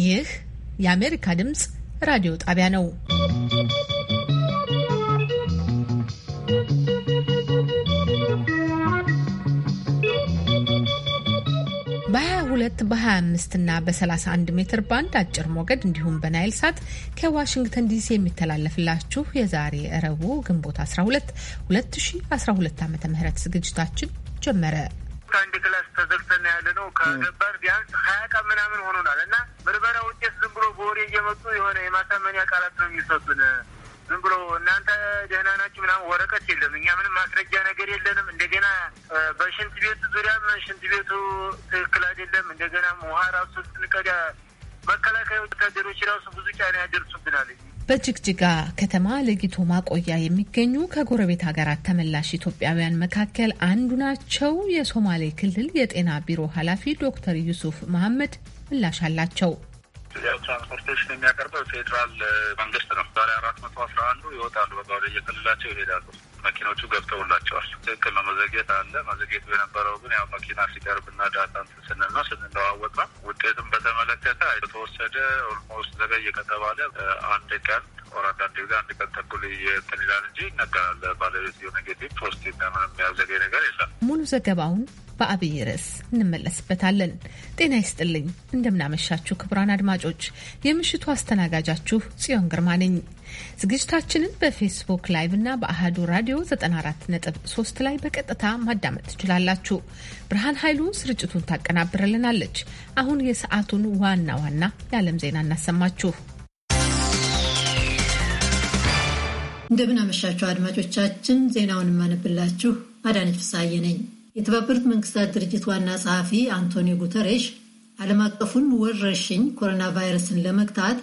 ይህ የአሜሪካ ድምፅ ራዲዮ ጣቢያ ነው። በ22 በ25 እና በ31 ሜትር ባንድ አጭር ሞገድ እንዲሁም በናይል ሳት ከዋሽንግተን ዲሲ የሚተላለፍላችሁ የዛሬ እረቡ ግንቦት 12 2012 ዓ ም ዝግጅታችን ጀመረ። አንድ ክላስ ተዘግተን ያለ ነው። ከገባን ቢያንስ ሀያ ቀን ምናምን ሆኖናል እና ምርመራ ውጤት ዝም ብሎ በወሬ እየመጡ የሆነ የማሳመኒያ ቃላት ነው የሚሰጡን። ዝም ብሎ እናንተ ደህና ናችሁ ምናምን ወረቀት የለም። እኛ ምንም ማስረጃ ነገር የለንም። እንደገና በሽንት ቤት ዙሪያም ሽንት ቤቱ ትክክል አይደለም። እንደገናም ውሃ ራሱ ስንቀዳ መከላከያ ወታደሮች ራሱ ብዙ ጫና ያደርሱብናል። በጅግጅጋ ከተማ ለይቶ ማቆያ የሚገኙ ከጎረቤት ሀገራት ተመላሽ ኢትዮጵያውያን መካከል አንዱ ናቸው። የሶማሌ ክልል የጤና ቢሮ ኃላፊ ዶክተር ዩሱፍ መሐመድ ምላሽ አላቸው። ትራንስፖርቴሽን የሚያቀርበው ፌዴራል መንግስት ነው። ዛሬ አራት መቶ አስራ አንዱ ይወጣሉ፣ በጋር የክልላቸው ይሄዳሉ። መኪናዎቹ ገብተውላቸዋል። ትክክል ነው። መዘግየት አለ። መዘግየት የነበረው ግን ያው መኪና ሲቀርብና ዳታ እንትን ስንል ነው ስንለዋወጥ ነው። ውጤቱን በተመለከተ የተወሰደ ኦልሞስት ዘገየ ከተባለ አንድ ቀን ኦር አንዳንድ ጊዜ አንድ ቀን ተኩል እንትን ይላል እንጂ ይነገራል። ባለቤት ኔጌቲቭ ፖዚቲቭ ምንም ያዘገይ ነገር የለም። ሙሉ ዘገባውን በአብይ ርዕስ እንመለስበታለን። ጤና ይስጥልኝ፣ እንደምናመሻችሁ ክቡራን አድማጮች፣ የምሽቱ አስተናጋጃችሁ ጽዮን ግርማ ነኝ። ዝግጅታችንን በፌስቡክ ላይቭ እና በአህዱ ራዲዮ 94.3 ላይ በቀጥታ ማዳመጥ ትችላላችሁ። ብርሃን ኃይሉ ስርጭቱን ታቀናብርልናለች። አሁን የሰዓቱን ዋና ዋና የዓለም ዜና እናሰማችሁ። እንደምን አመሻችሁ አድማጮቻችን። ዜናውን የማነብላችሁ አዳነች ፍሳዬ ነኝ። የተባበሩት መንግስታት ድርጅት ዋና ጸሐፊ አንቶኒዮ ጉተሬሽ ዓለም አቀፉን ወረርሽኝ ኮሮና ቫይረስን ለመግታት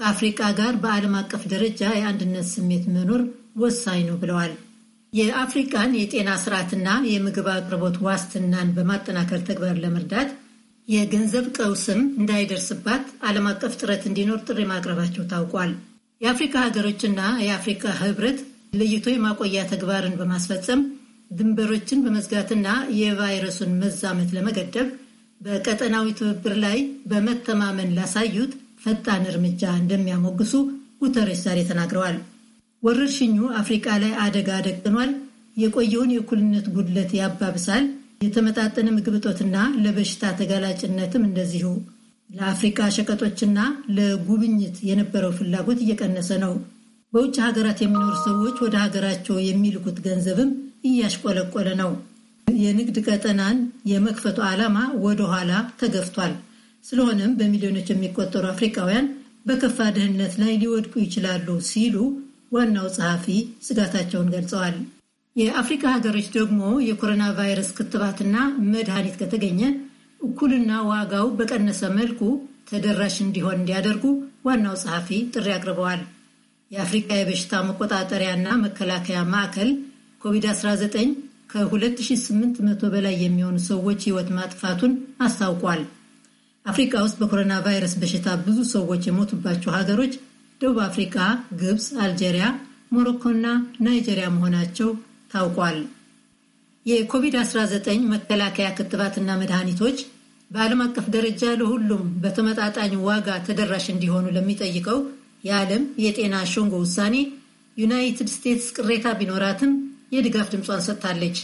ከአፍሪቃ ጋር በዓለም አቀፍ ደረጃ የአንድነት ስሜት መኖር ወሳኝ ነው ብለዋል። የአፍሪቃን የጤና ስርዓትና የምግብ አቅርቦት ዋስትናን በማጠናከር ተግባር ለመርዳት የገንዘብ ቀውስም እንዳይደርስባት ዓለም አቀፍ ጥረት እንዲኖር ጥሪ ማቅረባቸው ታውቋል። የአፍሪካ ሀገሮችና የአፍሪካ ህብረት ለይቶ የማቆያ ተግባርን በማስፈጸም ድንበሮችን በመዝጋትና የቫይረሱን መዛመት ለመገደብ በቀጠናዊ ትብብር ላይ በመተማመን ላሳዩት ፈጣን እርምጃ እንደሚያሞግሱ ጉተሬስ ዛሬ ተናግረዋል። ወረርሽኙ አፍሪቃ ላይ አደጋ ደቅኗል፣ የቆየውን የእኩልነት ጉድለት ያባብሳል፣ የተመጣጠነ ምግብ እጦትና ለበሽታ ተጋላጭነትም እንደዚሁ። ለአፍሪካ ሸቀጦችና ለጉብኝት የነበረው ፍላጎት እየቀነሰ ነው። በውጭ ሀገራት የሚኖሩ ሰዎች ወደ ሀገራቸው የሚልኩት ገንዘብም እያሽቆለቆለ ነው። የንግድ ቀጠናን የመክፈቱ ዓላማ ወደኋላ ተገፍቷል። ስለሆነም በሚሊዮኖች የሚቆጠሩ አፍሪካውያን በከፋ ድህነት ላይ ሊወድቁ ይችላሉ ሲሉ ዋናው ጸሐፊ ስጋታቸውን ገልጸዋል። የአፍሪካ ሀገሮች ደግሞ የኮሮና ቫይረስ ክትባትና መድኃኒት ከተገኘ እኩልና ዋጋው በቀነሰ መልኩ ተደራሽ እንዲሆን እንዲያደርጉ ዋናው ጸሐፊ ጥሪ አቅርበዋል። የአፍሪካ የበሽታ መቆጣጠሪያና መከላከያ ማዕከል ኮቪድ-19 ከ2800 በላይ የሚሆኑ ሰዎች ሕይወት ማጥፋቱን አስታውቋል። አፍሪካ ውስጥ በኮሮና ቫይረስ በሽታ ብዙ ሰዎች የሞቱባቸው ሀገሮች ደቡብ አፍሪካ፣ ግብፅ፣ አልጄሪያ፣ ሞሮኮና ናይጄሪያ መሆናቸው ታውቋል። የኮቪድ-19 መከላከያ ክትባትና መድኃኒቶች በዓለም አቀፍ ደረጃ ለሁሉም በተመጣጣኝ ዋጋ ተደራሽ እንዲሆኑ ለሚጠይቀው የዓለም የጤና ሸንጎ ውሳኔ ዩናይትድ ስቴትስ ቅሬታ ቢኖራትም የድጋፍ ድምጿን ሰጥታለች።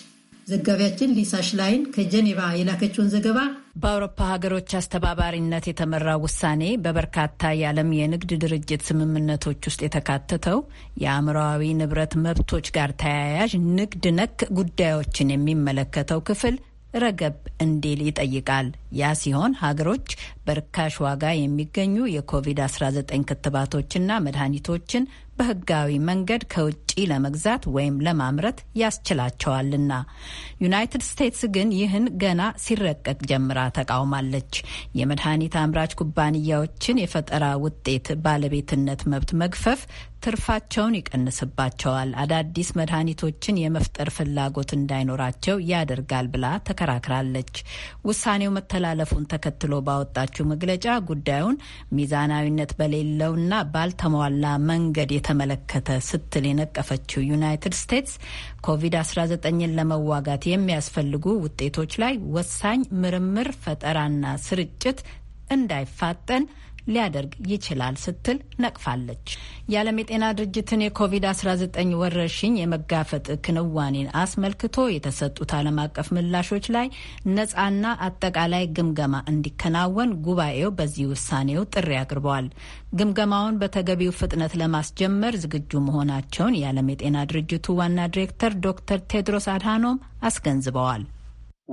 ዘጋቢያችን ሊሳ ሽላይን ከጀኔቫ የላከችውን ዘገባ በአውሮፓ ሀገሮች አስተባባሪነት የተመራ ውሳኔ በበርካታ የዓለም የንግድ ድርጅት ስምምነቶች ውስጥ የተካተተው የአእምሮዊ ንብረት መብቶች ጋር ተያያዥ ንግድ ነክ ጉዳዮችን የሚመለከተው ክፍል ረገብ እንዲል ይጠይቃል። ያ ሲሆን ሀገሮች በርካሽ ዋጋ የሚገኙ የኮቪድ-19 ክትባቶችና መድኃኒቶችን በህጋዊ መንገድ ከውጭ ለመግዛት ወይም ለማምረት ያስችላቸዋልና። ዩናይትድ ስቴትስ ግን ይህን ገና ሲረቀቅ ጀምራ ተቃውማለች። የመድኃኒት አምራች ኩባንያዎችን የፈጠራ ውጤት ባለቤትነት መብት መግፈፍ ትርፋቸውን ይቀንስባቸዋል፣ አዳዲስ መድኃኒቶችን የመፍጠር ፍላጎት እንዳይኖራቸው ያደርጋል ብላ ተከራክራለች። ውሳኔው መተላለፉን ተከትሎ ባወጣችው መግለጫ ጉዳዩን ሚዛናዊነት በሌለውና ባልተሟላ መንገድ በተመለከተ ስትል የነቀፈችው ዩናይትድ ስቴትስ ኮቪድ-19ን ለመዋጋት የሚያስፈልጉ ውጤቶች ላይ ወሳኝ ምርምር፣ ፈጠራና ስርጭት እንዳይፋጠን ሊያደርግ ይችላል ስትል ነቅፋለች። የዓለም የጤና ድርጅትን የኮቪድ-19 ወረርሽኝ የመጋፈጥ ክንዋኔን አስመልክቶ የተሰጡት ዓለም አቀፍ ምላሾች ላይ ነጻና አጠቃላይ ግምገማ እንዲከናወን ጉባኤው በዚህ ውሳኔው ጥሪ አቅርበዋል። ግምገማውን በተገቢው ፍጥነት ለማስጀመር ዝግጁ መሆናቸውን የዓለም የጤና ድርጅቱ ዋና ዲሬክተር ዶክተር ቴድሮስ አድሃኖም አስገንዝበዋል።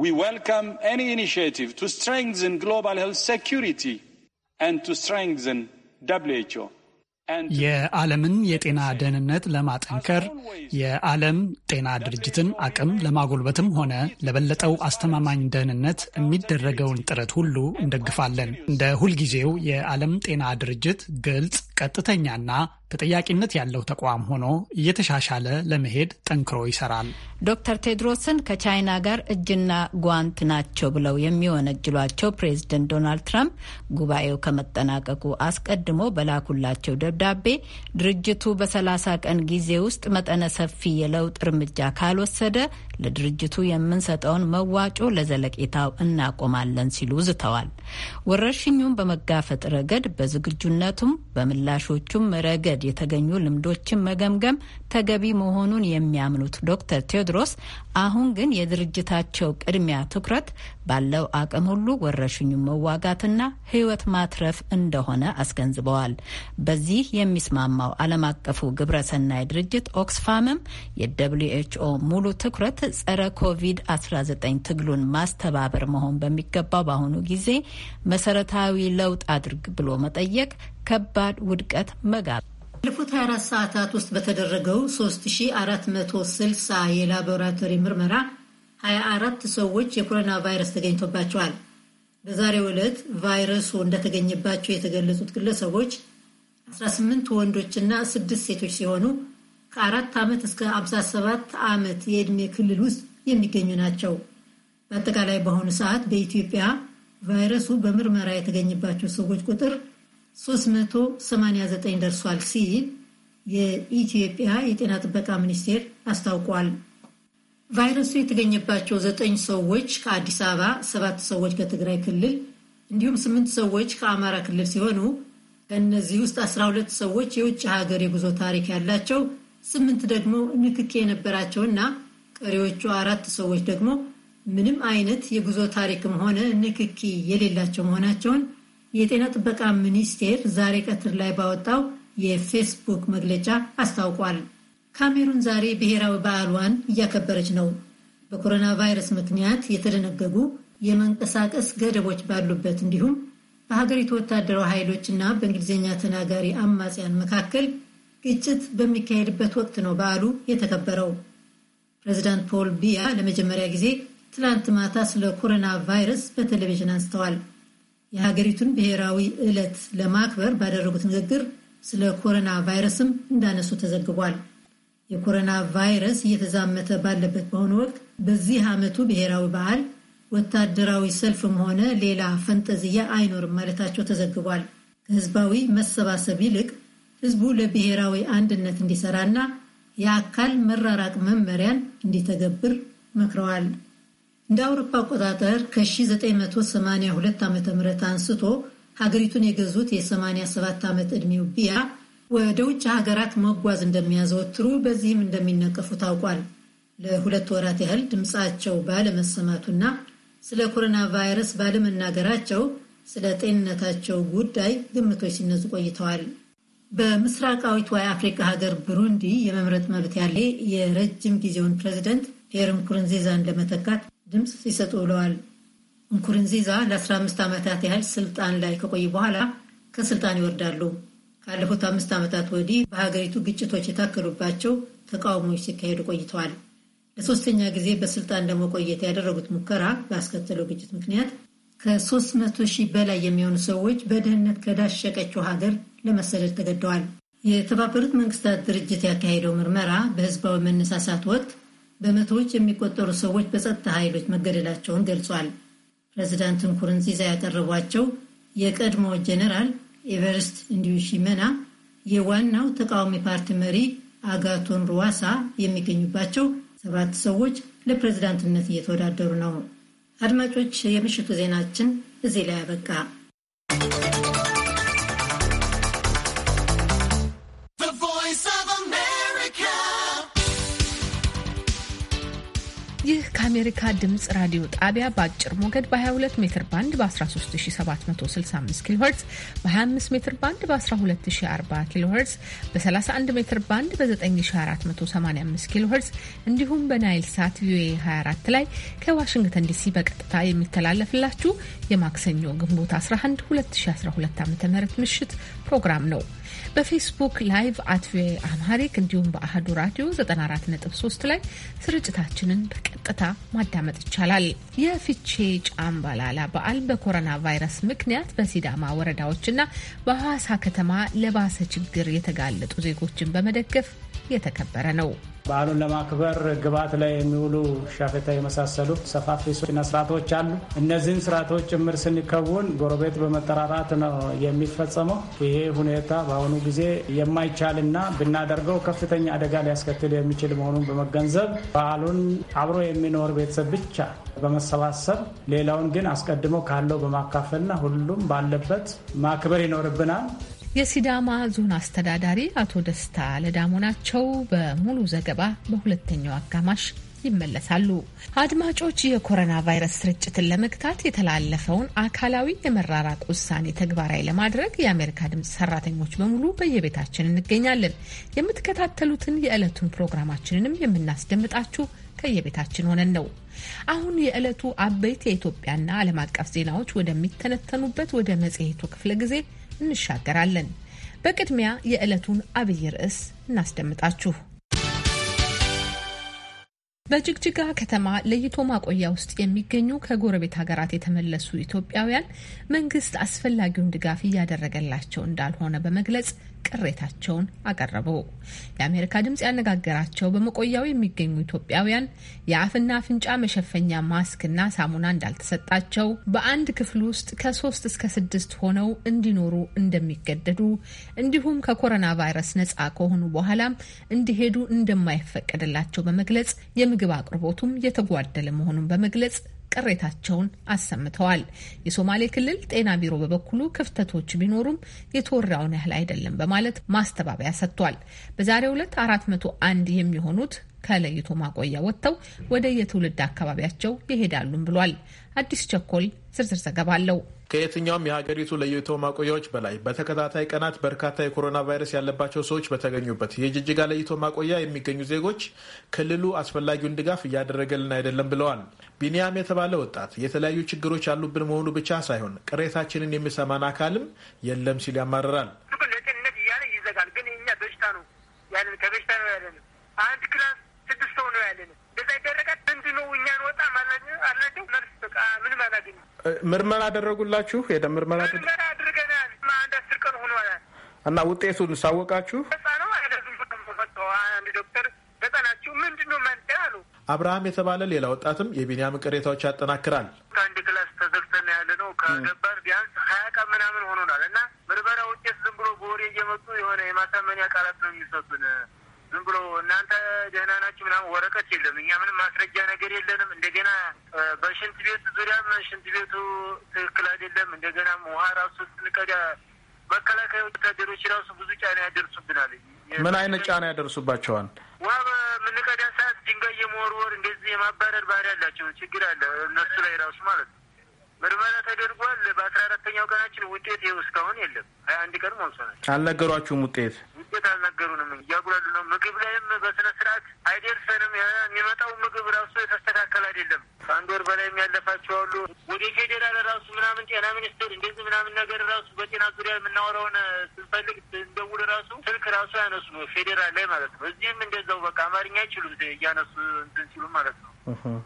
We welcome any initiative to strengthen global health security. የዓለምን የጤና ደህንነት ለማጠንከር የዓለም ጤና ድርጅትን አቅም ለማጎልበትም ሆነ ለበለጠው አስተማማኝ ደህንነት የሚደረገውን ጥረት ሁሉ እንደግፋለን። እንደ ሁልጊዜው የዓለም ጤና ድርጅት ግልጽ፣ ቀጥተኛና ተጠያቂነት ያለው ተቋም ሆኖ እየተሻሻለ ለመሄድ ጠንክሮ ይሰራል። ዶክተር ቴድሮስን ከቻይና ጋር እጅና ጓንት ናቸው ብለው የሚወነጅሏቸው ፕሬዝደንት ዶናልድ ትራምፕ ጉባኤው ከመጠናቀቁ አስቀድሞ በላኩላቸው ደብዳቤ ድርጅቱ በሰላሳ ቀን ጊዜ ውስጥ መጠነ ሰፊ የለውጥ እርምጃ ካልወሰደ ለድርጅቱ የምንሰጠውን መዋጮ ለዘለቄታው እናቆማለን ሲሉ ዝተዋል። ወረርሽኙን በመጋፈጥ ረገድ በዝግጁነቱም በምላሾቹም ረገድ የተገኙ ልምዶችን መገምገም ተገቢ መሆኑን የሚያምኑት ዶክተር ቴዎድሮስ አሁን ግን የድርጅታቸው ቅድሚያ ትኩረት ባለው አቅም ሁሉ ወረርሽኙን መዋጋትና ሕይወት ማትረፍ እንደሆነ አስገንዝበዋል። በዚህ የሚስማማው ዓለም አቀፉ ግብረሰናይ ድርጅት ኦክስፋምም የደብሊው ኤች ኦ ሙሉ ትኩረት ጸረ ኮቪድ-19 ትግሉን ማስተባበር መሆን በሚገባው በአሁኑ ጊዜ መሰረታዊ ለውጥ አድርግ ብሎ መጠየቅ ከባድ ውድቀት መጋብ ባለፉት 24 ሰዓታት ውስጥ በተደረገው 3460 የላቦራቶሪ ምርመራ 24 ሰዎች የኮሮና ቫይረስ ተገኝቶባቸዋል። በዛሬው ዕለት ቫይረሱ እንደተገኘባቸው የተገለጹት ግለሰቦች 18 ወንዶችና ስድስት ሴቶች ሲሆኑ ከአራት ዓመት እስከ 57 ዓመት የዕድሜ ክልል ውስጥ የሚገኙ ናቸው። በአጠቃላይ በአሁኑ ሰዓት በኢትዮጵያ ቫይረሱ በምርመራ የተገኘባቸው ሰዎች ቁጥር 389 ደርሷል ሲል የኢትዮጵያ የጤና ጥበቃ ሚኒስቴር አስታውቋል። ቫይረሱ የተገኘባቸው ዘጠኝ ሰዎች ከአዲስ አበባ፣ ሰባት ሰዎች ከትግራይ ክልል እንዲሁም ስምንት ሰዎች ከአማራ ክልል ሲሆኑ ከእነዚህ ውስጥ 12 ሰዎች የውጭ ሀገር የጉዞ ታሪክ ያላቸው ስምንት ደግሞ ንክኪ የነበራቸውና ቀሪዎቹ አራት ሰዎች ደግሞ ምንም አይነት የጉዞ ታሪክም ሆነ ንክኪ የሌላቸው መሆናቸውን የጤና ጥበቃ ሚኒስቴር ዛሬ ቀትር ላይ ባወጣው የፌስቡክ መግለጫ አስታውቋል። ካሜሩን ዛሬ ብሔራዊ በዓልዋን እያከበረች ነው። በኮሮና ቫይረስ ምክንያት የተደነገጉ የመንቀሳቀስ ገደቦች ባሉበት እንዲሁም በሀገሪቱ ወታደራዊ ኃይሎች እና በእንግሊዝኛ ተናጋሪ አማጽያን መካከል ግጭት በሚካሄድበት ወቅት ነው በዓሉ የተከበረው። ፕሬዚዳንት ፖል ቢያ ለመጀመሪያ ጊዜ ትላንት ማታ ስለ ኮሮና ቫይረስ በቴሌቪዥን አንስተዋል። የሀገሪቱን ብሔራዊ ዕለት ለማክበር ባደረጉት ንግግር ስለ ኮሮና ቫይረስም እንዳነሱ ተዘግቧል። የኮሮና ቫይረስ እየተዛመተ ባለበት በአሁኑ ወቅት በዚህ ዓመቱ ብሔራዊ በዓል ወታደራዊ ሰልፍም ሆነ ሌላ ፈንጠዝያ አይኖርም ማለታቸው ተዘግቧል። ከህዝባዊ መሰባሰብ ይልቅ ህዝቡ ለብሔራዊ አንድነት እንዲሰራና የአካል መራራቅ መመሪያን እንዲተገብር መክረዋል። እንደ አውሮፓ አቆጣጠር ከ1982 ዓ ም አንስቶ ሀገሪቱን የገዙት የ87 ዓመት ዕድሜው ቢያ ወደ ውጭ ሀገራት መጓዝ እንደሚያዘወትሩ በዚህም እንደሚነቀፉ ታውቋል። ለሁለት ወራት ያህል ድምፃቸው ባለመሰማቱና ስለ ኮሮና ቫይረስ ባለመናገራቸው ስለ ጤንነታቸው ጉዳይ ግምቶች ሲነዙ ቆይተዋል። በምስራቃዊቷ የአፍሪካ ሀገር ብሩንዲ የመምረጥ መብት ያለ የረጅም ጊዜውን ፕሬዚደንት ፒየር እንኩርንዚዛን ለመተካት ድምፅ ሲሰጡ ውለዋል። እንኩርንዚዛ ለ15 ዓመታት ያህል ስልጣን ላይ ከቆዩ በኋላ ከስልጣን ይወርዳሉ። ካለፉት አምስት ዓመታት ወዲህ በሀገሪቱ ግጭቶች የታከሉባቸው ተቃውሞዎች ሲካሄዱ ቆይተዋል። ለሶስተኛ ጊዜ በስልጣን ለመቆየት ያደረጉት ሙከራ ባስከተለው ግጭት ምክንያት ከ300 ሺህ በላይ የሚሆኑ ሰዎች በድህነት ከዳሸቀችው ሀገር ለመሰደድ ተገደዋል። የተባበሩት መንግስታት ድርጅት ያካሄደው ምርመራ በህዝባዊ መነሳሳት ወቅት በመቶዎች የሚቆጠሩ ሰዎች በጸጥታ ኃይሎች መገደላቸውን ገልጿል። ፕሬዚዳንት ንኩርንዚዛ ያቀረቧቸው የቀድሞ ጄኔራል ኤቨርስት እንዲዩሺመና የዋናው ተቃዋሚ ፓርቲ መሪ አጋቶን ሩዋሳ የሚገኙባቸው ሰባት ሰዎች ለፕሬዚዳንትነት እየተወዳደሩ ነው። አድማጮች፣ የምሽቱ ዜናችን እዚህ ላይ አበቃ። የአሜሪካ ድምፅ ራዲዮ ጣቢያ በአጭር ሞገድ በ22 ሜትር ባንድ በ13765 ኪሎ ሄርዝ በ25 ሜትር ባንድ በ1240 ኪሎ ሄርዝ በ31 ሜትር ባንድ በ9485 ኪሎ ሄርዝ እንዲሁም በናይል ሳት ቪኦኤ 24 ላይ ከዋሽንግተን ዲሲ በቀጥታ የሚተላለፍላችሁ የማክሰኞ ግንቦት 11 2012 ዓ ም ምሽት ፕሮግራም ነው። በፌስቡክ ላይቭ አት ቪኦኤ አምሃሪክ እንዲሁም በአህዱ ራዲዮ 94.3 ላይ ስርጭታችንን በቀጥታ ማዳመጥ ይቻላል። የፊቼ ጫምባላላ በዓል በኮሮና ቫይረስ ምክንያት በሲዳማ ወረዳዎችና በሐዋሳ ከተማ ለባሰ ችግር የተጋለጡ ዜጎችን በመደገፍ የተከበረ ነው። በዓሉን ለማክበር ግብዓት ላይ የሚውሉ ሻፌታ የመሳሰሉ ሰፋፊ ሱና ስርዓቶች አሉ። እነዚህን ስርዓቶች ጭምር ስንከውን ጎረቤት በመጠራራት ነው የሚፈጸመው። ይሄ ሁኔታ በአሁኑ ጊዜ የማይቻልና ብናደርገው ከፍተኛ አደጋ ሊያስከትል የሚችል መሆኑን በመገንዘብ በዓሉን አብሮ የሚኖር ቤተሰብ ብቻ በመሰባሰብ ሌላውን ግን አስቀድሞ ካለው በማካፈልና ሁሉም ባለበት ማክበር ይኖርብናል። የሲዳማ ዞን አስተዳዳሪ አቶ ደስታ ለዳሞ ናቸው። በሙሉ ዘገባ በሁለተኛው አጋማሽ ይመለሳሉ። አድማጮች፣ የኮሮና ቫይረስ ስርጭትን ለመግታት የተላለፈውን አካላዊ የመራራቅ ውሳኔ ተግባራዊ ለማድረግ የአሜሪካ ድምፅ ሰራተኞች በሙሉ በየቤታችን እንገኛለን። የምትከታተሉትን የዕለቱን ፕሮግራማችንንም የምናስደምጣችሁ ከየቤታችን ሆነን ነው። አሁን የዕለቱ አበይት የኢትዮጵያና ዓለም አቀፍ ዜናዎች ወደሚተነተኑበት ወደ መጽሔቱ ክፍለ ጊዜ እንሻገራለን። በቅድሚያ የዕለቱን አብይ ርዕስ እናስደምጣችሁ። በጅግጅጋ ከተማ ለይቶ ማቆያ ውስጥ የሚገኙ ከጎረቤት ሀገራት የተመለሱ ኢትዮጵያውያን መንግስት አስፈላጊውን ድጋፍ እያደረገላቸው እንዳልሆነ በመግለጽ ቅሬታቸውን አቀረቡ። የአሜሪካ ድምፅ ያነጋገራቸው በመቆያው የሚገኙ ኢትዮጵያውያን የአፍና አፍንጫ መሸፈኛ ማስክና ሳሙና እንዳልተሰጣቸው፣ በአንድ ክፍል ውስጥ ከሶስት እስከ ስድስት ሆነው እንዲኖሩ እንደሚገደዱ፣ እንዲሁም ከኮሮና ቫይረስ ነጻ ከሆኑ በኋላም እንዲሄዱ እንደማይፈቀድላቸው በመግለጽ የምግብ አቅርቦቱም የተጓደለ መሆኑን በመግለጽ ቅሬታቸውን አሰምተዋል። የሶማሌ ክልል ጤና ቢሮ በበኩሉ ክፍተቶች ቢኖሩም የተወራውን ያህል አይደለም በማለት ማስተባበያ ሰጥቷል። በዛሬው ዕለት አራት መቶ አንድ የሚሆኑት ከለይቶ ማቆያ ወጥተው ወደ የትውልድ አካባቢያቸው ይሄዳሉም ብሏል። አዲስ ቸኮል ዝርዝር ዘገባ አለው። ከየትኛውም የሀገሪቱ ለይቶ ማቆያዎች በላይ በተከታታይ ቀናት በርካታ የኮሮና ቫይረስ ያለባቸው ሰዎች በተገኙበት የጅጅጋ ለይቶ ማቆያ የሚገኙ ዜጎች ክልሉ አስፈላጊውን ድጋፍ እያደረገልን አይደለም ብለዋል። ቢኒያም የተባለ ወጣት የተለያዩ ችግሮች ያሉብን መሆኑ ብቻ ሳይሆን ቅሬታችንን የሚሰማን አካልም የለም ሲል ያማርራል። ምርመራ አደረጉላችሁ? የደም ምርመራ አድርገናል። አንድ አስር ቀን ሆኗል። እና ውጤቱን ሳወቃችሁ? አብርሃም የተባለ ሌላ ወጣትም የቢኒያም ቅሬታዎች ያጠናክራል። ከአንድ ክላስ ተዘግተን ያለ ነው ከገባን ቢያንስ ሀያ ቀን ምናምን ሆኖናል እና ምርመራ ውጤት ዝም ብሎ በወሬ እየመጡ የሆነ የማሳመኒያ ቃላት ነው የሚሰጡን ዝም ብሎ እናንተ ደህና ናችሁ ምናምን ወረቀት የለም። እኛ ምንም ማስረጃ ነገር የለንም። እንደገና በሽንት ቤት ዙሪያም ሽንት ቤቱ ትክክል አይደለም። እንደገናም ውሃ ራሱ ስንቀዳ መከላከያ ወታደሮች ራሱ ብዙ ጫና ያደርሱብናል። ምን አይነት ጫና ያደርሱባቸዋል? ውሃ በምንቀዳ ሰዓት ድንጋይ የመወርወር እንደዚህ የማባረር ባህሪ ያላቸው ችግር አለ እነሱ ላይ ራሱ ማለት ነው ምርመራ ተደርጓል። በአስራ አራተኛው ቀናችን ውጤት ይኸው እስካሁን የለም። ሀያ አንድ ቀን ሞልሶናል። አልነገሯችሁም? ውጤት ውጤት አልነገሩንም። እያጉላሉ ነው። ምግብ ላይም በስነ ስርዓት አይደርሰንም። የሚመጣው ምግብ ራሱ የተስተካከል አይደለም። ከአንድ ወር በላይም ያለፋቸው አሉ። ወደ ፌዴራል ራሱ ምናምን ጤና ሚኒስቴር እንደዚህ ምናምን ነገር ራሱ በጤና ዙሪያ የምናወራውን ስንፈልግ እንደውል ራሱ ስልክ ራሱ ያነሱ ፌዴራል ላይ ማለት ነው። እዚህም እንደዛው በቃ አማርኛ አይችሉም እያነሱ እንትን ሲሉም ማለት ነው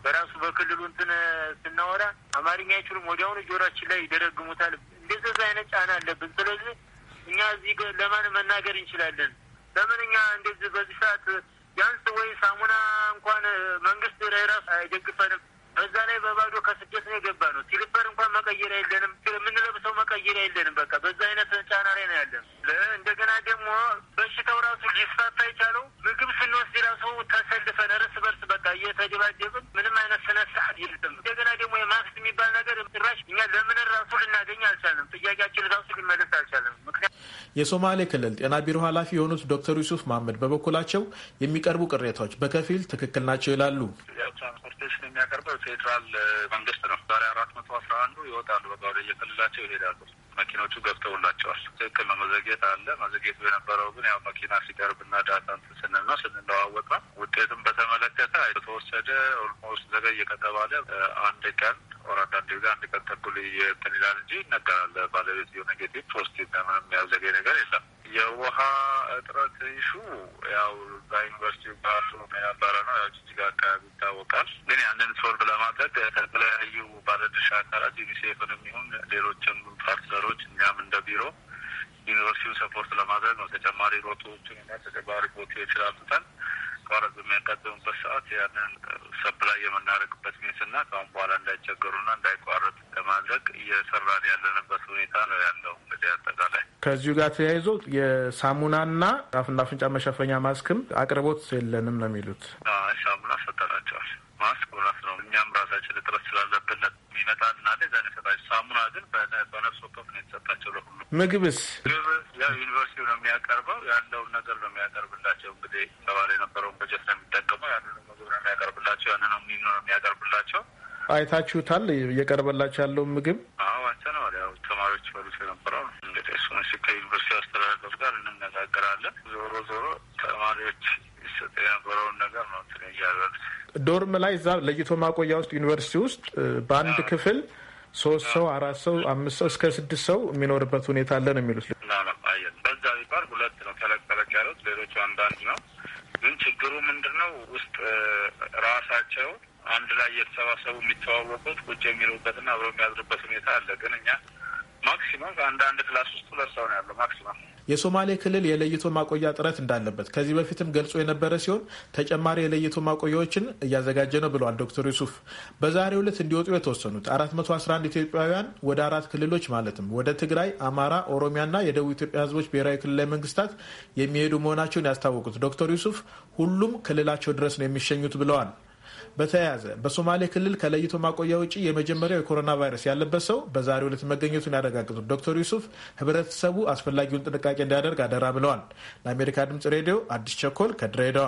በራሱ በክልሉ እንትን ስናወራ አማርኛ አይችሉም። ወዲያውኑ ጆሮችን ላይ ይደረግሙታል። እንደዚህ አይነት ጫና አለብን። ስለዚህ እኛ እዚህ ለማን መናገር እንችላለን? ለምን እኛ እንደዚህ በዚህ ሰዓት ቢያንስ ወይ ሳሙና እንኳን መንግስት ራሱ አይደግፈንም። በዛ ላይ በባዶ ከስደት ነው የገባ ነው። ሲልበር እንኳን መቀየሪያ የለንም፣ የምንለብሰው መቀየሪያ የለንም። በቃ በዛ አይነት ጫና ላይ ነው ያለን። እንደገና ደግሞ በሽታው ራሱ ሊስፋፋ የቻለው አይደባደብም። ምንም አይነት ስነ ስርዓት የለም። እንደገና ደግሞ የማክስ የሚባል ነገር ጭራሽ እኛ ለምን ራሱ ልናገኝ አልቻለም። ጥያቄያችን ራሱ ሊመለስ አልቻለም። ምክንያቱም የሶማሌ ክልል ጤና ቢሮ ኃላፊ የሆኑት ዶክተር ዩሱፍ መሀመድ በበኩላቸው የሚቀርቡ ቅሬታዎች በከፊል ትክክል ናቸው ይላሉ። ትራንስፖርቴሽን የሚያቀርበው ፌዴራል መንግስት ነው። ዛሬ አራት መቶ አስራ አንዱ ይወጣሉ። በቃ ወደየክልላቸው ይሄዳሉ። መኪኖቹ ገብተውላቸዋል። ትክክል ነው። መዘግየት አለ። መዘግየቱ የነበረው ግን ያው መኪና ሲቀርብና ዳታ እና ስንለዋወጥ ነው። በተመለከተ የተወሰደ ኦልሞስት ዘገየ ከተባለ አንድ ቀን ወር አንዳንድ ጊዜ አንድ ቀን ተኩል እንትን ይላል እንጂ ይነገራል። ባለቤት ኔጌቲቭ ፖዚቲቭ ምንም የሚያዘገይ ነገር የለም። የውሃ እጥረት ይሹ ያው በዩኒቨርሲቲ ባሉ የነበረ ነው። ያው ጅጅጋ አካባቢ ይታወቃል። ግን ያንን ሶልቭ ለማድረግ ከተለያዩ ባለድርሻ አካላት ዩኒሴፍንም ይሁን ሌሎችም ፓርትነሮች እኛም እንደ ቢሮ ዩኒቨርሲቲው ሰፖርት ለማድረግ ነው። ተጨማሪ ሮቶዎችን እና ተጨማሪ ቦቴዎችን አምጥተን ቋረጥ በሚያጋጥሙበት ሰዓት ያንን ሰፕላይ የምናደርግበት ሚንስ እና ከአሁን በኋላ እንዳይቸገሩ እንዳይቸገሩና እንዳይቋረጥ ለማድረግ እየሰራን ያለንበት ሁኔታ ነው ያለው። እንግዲህ አጠቃላይ ከዚሁ ጋር ተያይዞ የሳሙና የሳሙናና አፍና አፍንጫ መሸፈኛ ማስክም አቅርቦት የለንም ነው የሚሉት። ሳሙና ሰጠናቸዋል። ማስክ እራስ ነው። እኛም ራሳችን እጥረት ስላለብን ይመጣል እና ዛ ሰጣቸው። ሳሙና ግን በነፍስ ወከፍ ነው የተሰጣቸው ለሁሉ። ምግብስ ያው ዩኒቨርሲቲ ነው የሚያቀርበው ያለውን ነገር ነው የሚያቀርብላቸው። እንግዲህ ተባለ የነበረውን በጀት ነው የሚጠቀመው። ያንን ምግብ ነው የሚያቀርብላቸው። ያንን ነው ሚኖ ነው የሚያቀርብላቸው። አይታችሁታል እየቀርበላቸው ያለውን ምግብ? አዎ አይተነዋል። ያው ተማሪዎች በሉት የነበረው ነው እሱን እሺ ከዩኒቨርሲቲ አስተዳደር ጋር እንነጋገራለን። ዞሮ ዞሮ ተማሪዎች ይሰጥ የነበረውን ነገር ነው እንትን እያሉት ዶርም ላይ እዛ ለይቶ ማቆያ ውስጥ ዩኒቨርሲቲ ውስጥ በአንድ ክፍል ሶስት ሰው አራት ሰው አምስት ሰው እስከ ስድስት ሰው የሚኖርበት ሁኔታ አለ ነው የሚሉት። በዛ ቢባል ሁለት ነው ተለቅ ያሉት፣ ሌሎቹ አንዳንድ ነው። ግን ችግሩ ምንድን ነው? ውስጥ ራሳቸው አንድ ላይ እየተሰባሰቡ የሚተዋወቁት ቁጭ የሚሉበትና አብሮ የሚያድሩበት ሁኔታ አለ። ግን እኛ ማክሲመም አንድ ክላስ ውስጥ ሁለት ሰው ነው ያለው ማክሲመም። የሶማሌ ክልል የለይቶ ማቆያ ጥረት እንዳለበት ከዚህ በፊትም ገልጾ የነበረ ሲሆን ተጨማሪ የለይቶ ማቆያዎችን እያዘጋጀ ነው ብለዋል ዶክተር ዩሱፍ። በዛሬው ዕለት እንዲወጡ የተወሰኑት 411 ኢትዮጵያውያን ወደ አራት ክልሎች ማለትም ወደ ትግራይ፣ አማራ፣ ኦሮሚያና የደቡብ ኢትዮጵያ ህዝቦች ብሔራዊ ክልላዊ መንግስታት የሚሄዱ መሆናቸውን ያስታወቁት ዶክተር ዩሱፍ ሁሉም ክልላቸው ድረስ ነው የሚሸኙት ብለዋል። በተያያዘ በሶማሌ ክልል ከለይቶ ማቆያ ውጭ የመጀመሪያው የኮሮና ቫይረስ ያለበት ሰው በዛሬው ዕለት መገኘቱን ያረጋግጡት ዶክተር ዩሱፍ ህብረተሰቡ አስፈላጊውን ጥንቃቄ እንዲያደርግ አደራ ብለዋል። ለአሜሪካ ድምጽ ሬዲዮ አዲስ ቸኮል ከድሬዳዋ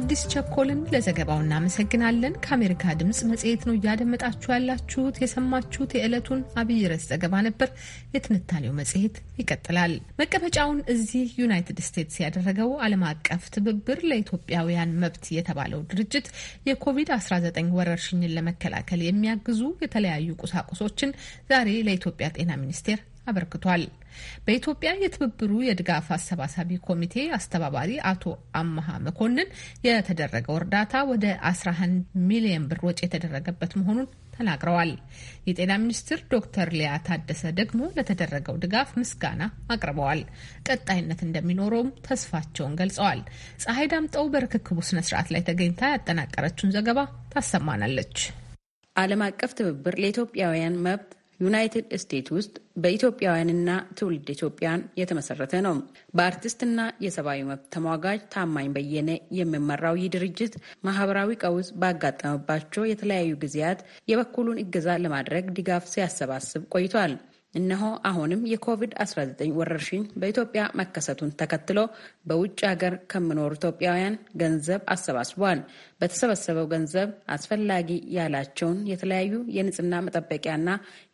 አዲስ ቸኮልን ለዘገባው እናመሰግናለን። ከአሜሪካ ድምፅ መጽሔት ነው እያደመጣችሁ ያላችሁት። የሰማችሁት የዕለቱን አብይ ርዕስ ዘገባ ነበር። የትንታኔው መጽሔት ይቀጥላል። መቀመጫውን እዚህ ዩናይትድ ስቴትስ ያደረገው ዓለም አቀፍ ትብብር ለኢትዮጵያውያን መብት የተባለው ድርጅት የኮቪድ-19 ወረርሽኝን ለመከላከል የሚያግዙ የተለያዩ ቁሳቁሶችን ዛሬ ለኢትዮጵያ ጤና ሚኒስቴር አበርክቷል። በኢትዮጵያ የትብብሩ የድጋፍ አሰባሳቢ ኮሚቴ አስተባባሪ አቶ አመሀ መኮንን የተደረገው እርዳታ ወደ 11 ሚሊዮን ብር ወጪ የተደረገበት መሆኑን ተናግረዋል። የጤና ሚኒስትር ዶክተር ሊያ ታደሰ ደግሞ ለተደረገው ድጋፍ ምስጋና አቅርበዋል። ቀጣይነት እንደሚኖረውም ተስፋቸውን ገልጸዋል። ፀሐይ ዳምጠው በርክክቡ ስነስርዓት ላይ ተገኝታ ያጠናቀረችውን ዘገባ ታሰማናለች። ዓለም አቀፍ ትብብር ለኢትዮጵያውያን መብት ዩናይትድ ስቴትስ ውስጥ በኢትዮጵያውያንና ትውልድ ኢትዮጵያን የተመሰረተ ነው። በአርቲስትና የሰብአዊ መብት ተሟጋጅ ታማኝ በየነ የሚመራው ይህ ድርጅት ማህበራዊ ቀውስ ባጋጠመባቸው የተለያዩ ጊዜያት የበኩሉን እገዛ ለማድረግ ድጋፍ ሲያሰባስብ ቆይቷል። እነሆ አሁንም የኮቪድ-19 ወረርሽኝ በኢትዮጵያ መከሰቱን ተከትሎ በውጭ ሀገር ከሚኖሩ ኢትዮጵያውያን ገንዘብ አሰባስቧል። በተሰበሰበው ገንዘብ አስፈላጊ ያላቸውን የተለያዩ የንጽህና መጠበቂያና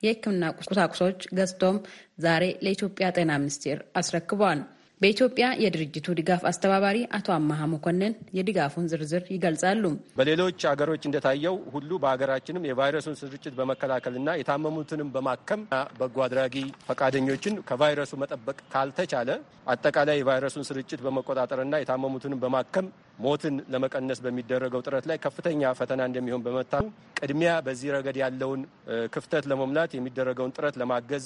የሕክምና ቁሳቁሶች ገዝቶም ዛሬ ለኢትዮጵያ ጤና ሚኒስቴር አስረክቧል። በኢትዮጵያ የድርጅቱ ድጋፍ አስተባባሪ አቶ አማሀ መኮንን የድጋፉን ዝርዝር ይገልጻሉ። በሌሎች ሀገሮች እንደታየው ሁሉ በሀገራችንም የቫይረሱን ስርጭት በመከላከልና የታመሙትንም በማከም በጎ አድራጊ ፈቃደኞችን ከቫይረሱ መጠበቅ ካልተቻለ አጠቃላይ የቫይረሱን ስርጭት በመቆጣጠርና የታመሙትንም በማከም ሞትን ለመቀነስ በሚደረገው ጥረት ላይ ከፍተኛ ፈተና እንደሚሆን በመታቱ ቅድሚያ በዚህ ረገድ ያለውን ክፍተት ለመሙላት የሚደረገውን ጥረት ለማገዝ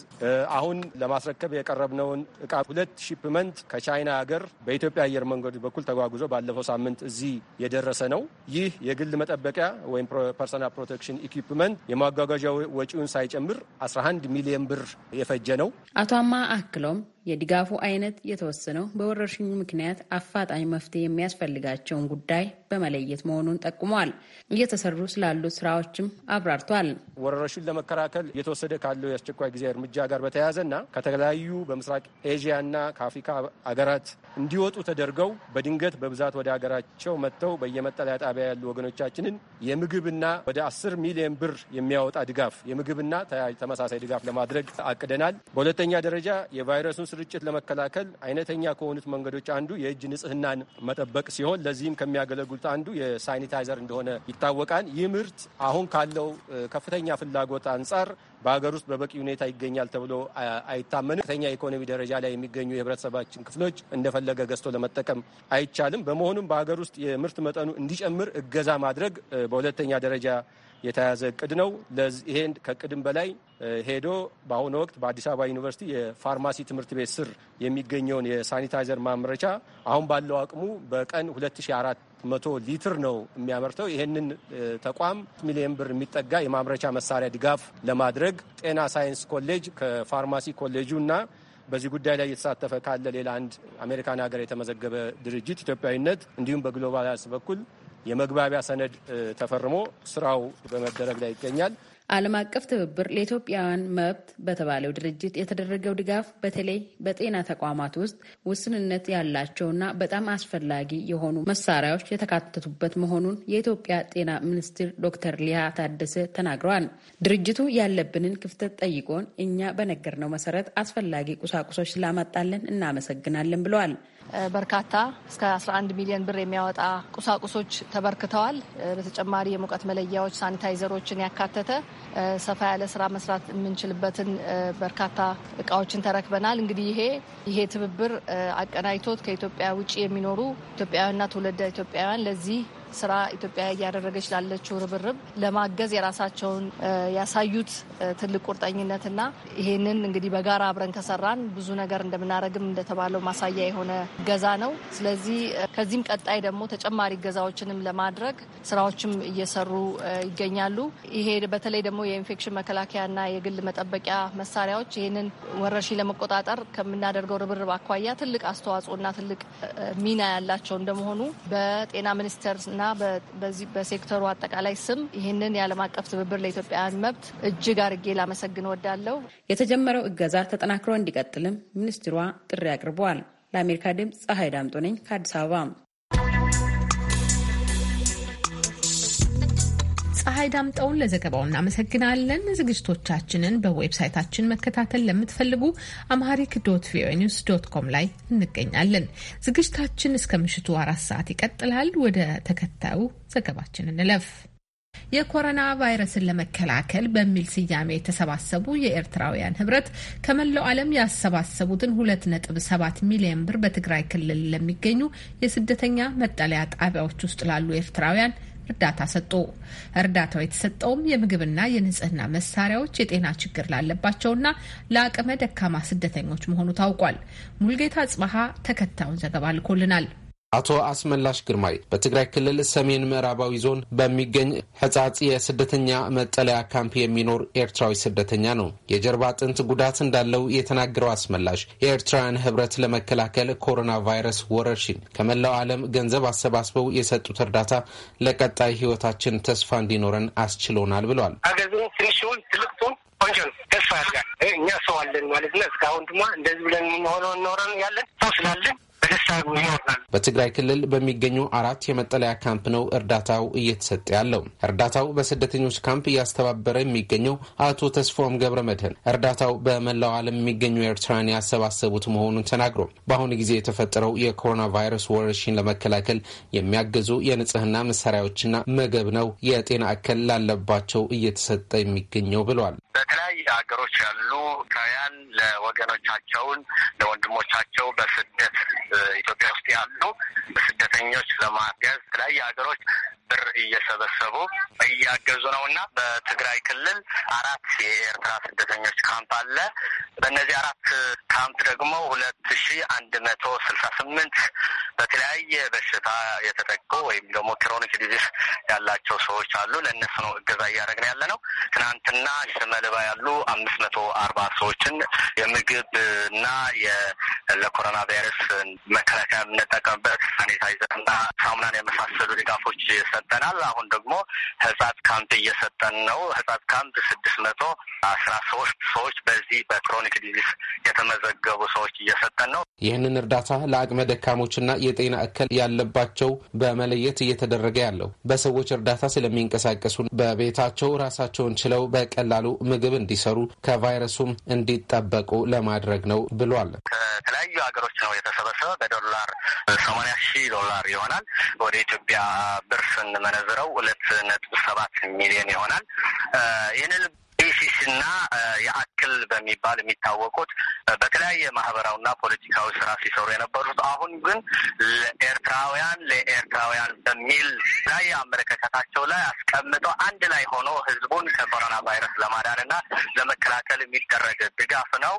አሁን ለማስረከብ የቀረብነውን እቃ ሁለት ሺፕመንት ከቻይና ሀገር በኢትዮጵያ አየር መንገድ በኩል ተጓጉዞ ባለፈው ሳምንት እዚህ የደረሰ ነው። ይህ የግል መጠበቂያ ወይም ፐርሰናል ፕሮቴክሽን ኢኩፕመንት የማጓጓዣ ወጪውን ሳይጨምር 11 ሚሊዮን ብር የፈጀ ነው። አቶ አማ አክሎም የድጋፉ አይነት የተወሰነው በወረርሽኙ ምክንያት አፋጣኝ መፍትሄ የሚያስፈልጋቸውን ጉዳይ በመለየት መሆኑን ጠቁመዋል። እየተሰሩ ስላሉት ስራዎችም አብራርቷል። ወረርሽኙን ለመከላከል እየተወሰደ ካለው የአስቸኳይ ጊዜ እርምጃ ጋር በተያያዘና ከተለያዩ በምስራቅ ኤዥያና ከአፍሪካ አገራት እንዲወጡ ተደርገው በድንገት በብዛት ወደ ሀገራቸው መጥተው በየመጠለያ ጣቢያ ያሉ ወገኖቻችንን የምግብና ወደ አስር ሚሊዮን ብር የሚያወጣ ድጋፍ የምግብና ተመሳሳይ ድጋፍ ለማድረግ አቅደናል። በሁለተኛ ደረጃ የቫይረሱን ስርጭት ለመከላከል አይነተኛ ከሆኑት መንገዶች አንዱ የእጅ ንጽህናን መጠበቅ ሲሆን ለዚህም ከሚያገለግሉ ምርት አንዱ የሳኒታይዘር እንደሆነ ይታወቃል። ይህ ምርት አሁን ካለው ከፍተኛ ፍላጎት አንጻር በሀገር ውስጥ በበቂ ሁኔታ ይገኛል ተብሎ አይታመንም። ከፍተኛ የኢኮኖሚ ደረጃ ላይ የሚገኙ የህብረተሰባችን ክፍሎች እንደፈለገ ገዝቶ ለመጠቀም አይቻልም። በመሆኑም በሀገር ውስጥ የምርት መጠኑ እንዲጨምር እገዛ ማድረግ በሁለተኛ ደረጃ የተያዘ እቅድ ነው። ይሄን ከቅድም በላይ ሄዶ በአሁኑ ወቅት በአዲስ አበባ ዩኒቨርሲቲ የፋርማሲ ትምህርት ቤት ስር የሚገኘውን የሳኒታይዘር ማምረቻ አሁን ባለው አቅሙ በቀን 2004 መቶ ሊትር ነው የሚያመርተው። ይህንን ተቋም ሚሊዮን ብር የሚጠጋ የማምረቻ መሳሪያ ድጋፍ ለማድረግ ጤና ሳይንስ ኮሌጅ ከፋርማሲ ኮሌጁ እና በዚህ ጉዳይ ላይ እየተሳተፈ ካለ ሌላ አንድ አሜሪካን ሀገር የተመዘገበ ድርጅት ኢትዮጵያዊነት እንዲሁም በግሎባል በኩል የመግባቢያ ሰነድ ተፈርሞ ስራው በመደረግ ላይ ይገኛል። ዓለም አቀፍ ትብብር ለኢትዮጵያውያን መብት በተባለው ድርጅት የተደረገው ድጋፍ በተለይ በጤና ተቋማት ውስጥ ውስንነት ያላቸውና በጣም አስፈላጊ የሆኑ መሳሪያዎች የተካተቱበት መሆኑን የኢትዮጵያ ጤና ሚኒስትር ዶክተር ሊያ ታደሰ ተናግረዋል። ድርጅቱ ያለብንን ክፍተት ጠይቆን እኛ በነገርነው መሰረት አስፈላጊ ቁሳቁሶች ስላመጣለን እናመሰግናለን ብለዋል። በርካታ እስከ 11 ሚሊዮን ብር የሚያወጣ ቁሳቁሶች ተበርክተዋል። በተጨማሪ የሙቀት መለያዎች፣ ሳኒታይዘሮችን ያካተተ ሰፋ ያለ ስራ መስራት የምንችልበትን በርካታ እቃዎችን ተረክበናል። እንግዲህ ይሄ ይሄ ትብብር አቀናጅቶት ከኢትዮጵያ ውጭ የሚኖሩ ኢትዮጵያውያንና ትውልደ ኢትዮጵያውያን ለዚህ ስራ ኢትዮጵያ እያደረገች ላለችው ርብርብ ለማገዝ የራሳቸውን ያሳዩት ትልቅ ቁርጠኝነትና ይህንን እንግዲህ በጋራ አብረን ከሰራን ብዙ ነገር እንደምናደርግም እንደተባለው ማሳያ የሆነ ገዛ ነው። ስለዚህ ከዚህም ቀጣይ ደግሞ ተጨማሪ ገዛዎችንም ለማድረግ ስራዎችም እየሰሩ ይገኛሉ። ይሄ በተለይ ደግሞ የኢንፌክሽን መከላከያና የግል መጠበቂያ መሳሪያዎች ይህንን ወረርሽኝ ለመቆጣጠር ከምናደርገው ርብርብ አኳያ ትልቅ አስተዋጽኦና ትልቅ ሚና ያላቸው እንደመሆኑ በጤና ሚኒስቴር እና በዚህ በሴክተሩ አጠቃላይ ስም ይህንን የዓለም አቀፍ ትብብር ለኢትዮጵያውያን መብት እጅግ አርጌ ላመሰግን ወዳለው። የተጀመረው እገዛ ተጠናክሮ እንዲቀጥልም ሚኒስትሯ ጥሪ አቅርበዋል። ለአሜሪካ ድምፅ ፀሐይ ዳምጦ ነኝ ከአዲስ አበባ። ፀሐይ ዳምጠውን ለዘገባው እናመሰግናለን። ዝግጅቶቻችንን በዌብሳይታችን መከታተል ለምትፈልጉ አምሃሪክ ዶት ቪኦኤ ኒውስ ዶት ኮም ላይ እንገኛለን። ዝግጅታችን እስከ ምሽቱ አራት ሰዓት ይቀጥላል። ወደ ተከታዩ ዘገባችን እንለፍ። የኮሮና ቫይረስን ለመከላከል በሚል ስያሜ የተሰባሰቡ የኤርትራውያን ህብረት ከመላው ዓለም ያሰባሰቡትን 2.7 ሚሊዮን ብር በትግራይ ክልል ለሚገኙ የስደተኛ መጠለያ ጣቢያዎች ውስጥ ላሉ ኤርትራውያን እርዳታ ሰጡ። እርዳታው የተሰጠውም የምግብና የንጽህና መሳሪያዎች የጤና ችግር ላለባቸውና ለአቅመ ደካማ ስደተኞች መሆኑ ታውቋል። ሙልጌታ ጽበሀ ተከታዩን ዘገባ ልኮልናል። አቶ አስመላሽ ግርማይ በትግራይ ክልል ሰሜን ምዕራባዊ ዞን በሚገኝ ሕጻጽ የስደተኛ መጠለያ ካምፕ የሚኖር ኤርትራዊ ስደተኛ ነው። የጀርባ አጥንት ጉዳት እንዳለው የተናገረው አስመላሽ የኤርትራውያን ህብረት ለመከላከል ኮሮና ቫይረስ ወረርሽኝ ከመላው ዓለም ገንዘብ አሰባስበው የሰጡት እርዳታ ለቀጣይ ህይወታችን ተስፋ እንዲኖረን አስችሎናል ብለዋል። ቆንጆ ነው። ተስፋ ያድጋል። እኛ ሰው አለን ማለት ነው። እስካሁን ድማ እንደዚህ ብለን የምንሆነው እንኖረን ያለን ሰው ስላለን በትግራይ ክልል በሚገኙ አራት የመጠለያ ካምፕ ነው እርዳታው እየተሰጠ ያለው። እርዳታው በስደተኞች ካምፕ እያስተባበረ የሚገኘው አቶ ተስፎም ገብረ መድህን እርዳታው በመላው ዓለም የሚገኙ ኤርትራን ያሰባሰቡት መሆኑን ተናግሮ በአሁኑ ጊዜ የተፈጠረው የኮሮና ቫይረስ ወረርሽኝ ለመከላከል የሚያገዙ የንጽህና መሳሪያዎችና ምግብ ነው የጤና እክል ላለባቸው እየተሰጠ የሚገኘው ብሏል። በተለያየ ሀገሮች ያሉ ኤርትራውያን ለወገኖቻቸውን ለወንድሞቻቸው በስደት ኢትዮጵያ ውስጥ ያሉ ስደተኞች ለማገዝ የተለያዩ ሀገሮች ብር እየሰበሰቡ እያገዙ ነው እና በትግራይ ክልል አራት የኤርትራ ስደተኞች ካምፕ አለ። በእነዚህ አራት ካምፕ ደግሞ ሁለት ሺ አንድ መቶ ስልሳ ስምንት በተለያየ በሽታ የተጠቁ ወይም ደግሞ ክሮኒክ ዲዚዝ ያላቸው ሰዎች አሉ። ለእነሱ ነው እገዛ እያደረግን ያለ ነው። ትናንትና ሽመልባ ያሉ አምስት መቶ አርባ ሰዎችን የምግብ እና ለኮሮና ቫይረስ መከላከያ የምንጠቀምበት ሳኒታይዘር እና ሳሙናን የመሳሰሉ ድጋፎች ሰጠናል። አሁን ደግሞ ህጻት ካምፕ እየሰጠን ነው። ህጻት ካምፕ ስድስት መቶ አስራ ሶስት ሰዎች በዚህ በክሮኒክ ዲዚዝ የተመዘገቡ ሰዎች እየሰጠን ነው። ይህንን እርዳታ ለአቅመ ደካሞችና የጤና እክል ያለባቸው በመለየት እየተደረገ ያለው በሰዎች እርዳታ ስለሚንቀሳቀሱ በቤታቸው ራሳቸውን ችለው በቀላሉ ምግብ እንዲሰሩ ከቫይረሱም እንዲጠበቁ ለማድረግ ነው ብሏል። ከተለያዩ ሀገሮች ነው የተሰበሰበ በዶላር ሰማንያ ሺህ ዶላር ይሆናል ወደ ኢትዮጵያ ብር የምንመነዝረው ሁለት ነጥብ ሰባት ሚሊዮን ይሆናል። ይህንን ኢሲስ እና የአክል በሚባል የሚታወቁት በተለያየ ማህበራዊና ፖለቲካዊ ስራ ሲሰሩ የነበሩት አሁን ግን ለኤርትራውያን ለኤርትራውያን በሚል ላይ አመለካከታቸው ላይ አስቀምጠው አንድ ላይ ሆኖ ህዝቡን ከኮሮና ቫይረስ ለማዳንና ለመከላከል የሚደረግ ድጋፍ ነው።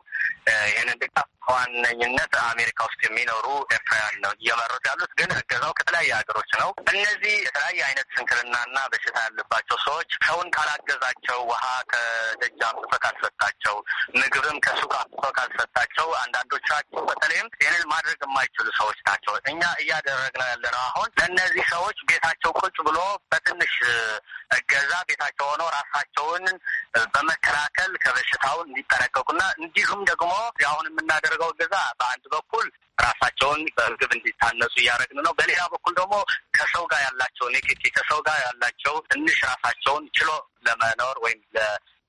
ይህንን ድጋፍ በዋነኝነት አሜሪካ ውስጥ የሚኖሩ ኤርትራውያን ነው እየመሩት ያሉት። ግን እገዛው ከተለያየ ሀገሮች ነው። እነዚህ የተለያየ አይነት ስንክልናና በሽታ ያለባቸው ሰዎች ሰውን ካላገዛቸው፣ ውሃ ከደጃፍ ጽፈት አልሰጣቸው፣ ምግብም ከሱቅ ትኩረት ካልተሰጣቸው አንዳንዶቻቸው በተለይም ይህንን ማድረግ የማይችሉ ሰዎች ናቸው። እኛ እያደረግነው ያለነው አሁን ለእነዚህ ሰዎች ቤታቸው ቁጭ ብሎ በትንሽ እገዛ ቤታቸው ሆኖ ራሳቸውን በመከላከል ከበሽታው እንዲጠነቀቁና እንዲሁም ደግሞ አሁን የምናደርገው እገዛ በአንድ በኩል ራሳቸውን በምግብ እንዲታነሱ እያደረግን ነው። በሌላ በኩል ደግሞ ከሰው ጋር ያላቸው ኔጌቲ ከሰው ጋር ያላቸው ትንሽ ራሳቸውን ችሎ ለመኖር ወይም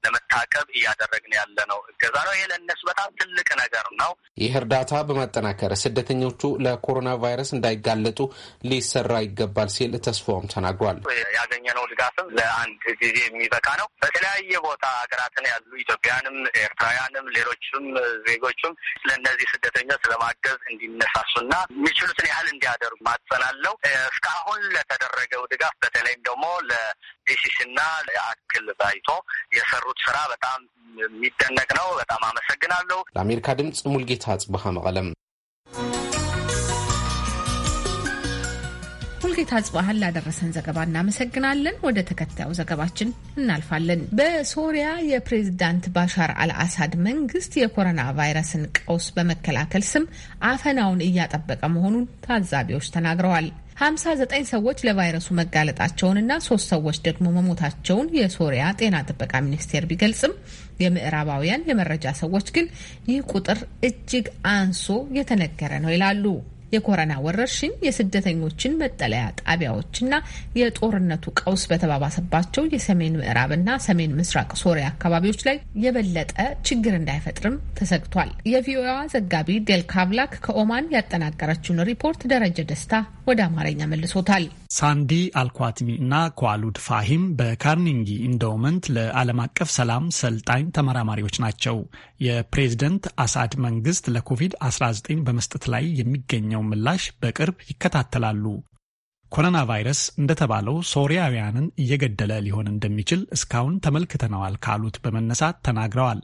ለመታቀብ እያደረግን ያለነው እገዛ ነው። ይሄ ለእነሱ በጣም ትልቅ ነገር ነው። ይህ እርዳታ በማጠናከር ስደተኞቹ ለኮሮና ቫይረስ እንዳይጋለጡ ሊሰራ ይገባል ሲል ተስፋውም ተናግሯል። ያገኘነው ድጋፍም ለአንድ ጊዜ የሚበቃ ነው። በተለያየ ቦታ ሀገራትን ያሉ ኢትዮጵያንም፣ ኤርትራውያንም ሌሎችም ዜጎችም ስለእነዚህ ስደተኞች ለማገዝ እንዲነሳሱና የሚችሉትን ያህል እንዲያደርጉ ማጸናለው። እስካሁን ለተደረገው ድጋፍ በተለይም ደግሞ ለዲሲስና ለአክል ባይቶ የሰሩ ለሰሩት ስራ በጣም የሚደነቅ ነው። በጣም አመሰግናለሁ። ለአሜሪካ ድምፅ ሙልጌታ አጽብሃ መቀለም። ሁልጌታ ጽባህን ላደረሰን ዘገባ እናመሰግናለን። ወደ ተከታዩ ዘገባችን እናልፋለን። በሶሪያ የፕሬዝዳንት ባሻር አልአሳድ መንግስት የኮሮና ቫይረስን ቀውስ በመከላከል ስም አፈናውን እያጠበቀ መሆኑን ታዛቢዎች ተናግረዋል። 59 ሰዎች ለቫይረሱ መጋለጣቸውንና ሶስት ሰዎች ደግሞ መሞታቸውን የሶሪያ ጤና ጥበቃ ሚኒስቴር ቢገልጽም የምዕራባውያን የመረጃ ሰዎች ግን ይህ ቁጥር እጅግ አንሶ የተነገረ ነው ይላሉ። የኮረና ወረርሽኝ የስደተኞችን መጠለያ ጣቢያዎችና የጦርነቱ ቀውስ በተባባሰባቸው የሰሜን ምዕራብና ሰሜን ምስራቅ ሶሪያ አካባቢዎች ላይ የበለጠ ችግር እንዳይፈጥርም ተሰግቷል። የቪኦኤዋ ዘጋቢ ዴል ካብላክ ከኦማን ያጠናቀረችውን ሪፖርት ደረጀ ደስታ ወደ አማርኛ መልሶታል። ሳንዲ አልኳትሚ እና ኳሉድ ፋሂም በካርኒንጊ ኢንዶመንት ለዓለም አቀፍ ሰላም ሰልጣኝ ተመራማሪዎች ናቸው። የፕሬዝደንት አሳድ መንግስት ለኮቪድ-19 በመስጠት ላይ የሚገኘው የሚሆነውን ምላሽ በቅርብ ይከታተላሉ። ኮሮና ቫይረስ እንደተባለው ሶሪያውያንን እየገደለ ሊሆን እንደሚችል እስካሁን ተመልክተነዋል ካሉት በመነሳት ተናግረዋል።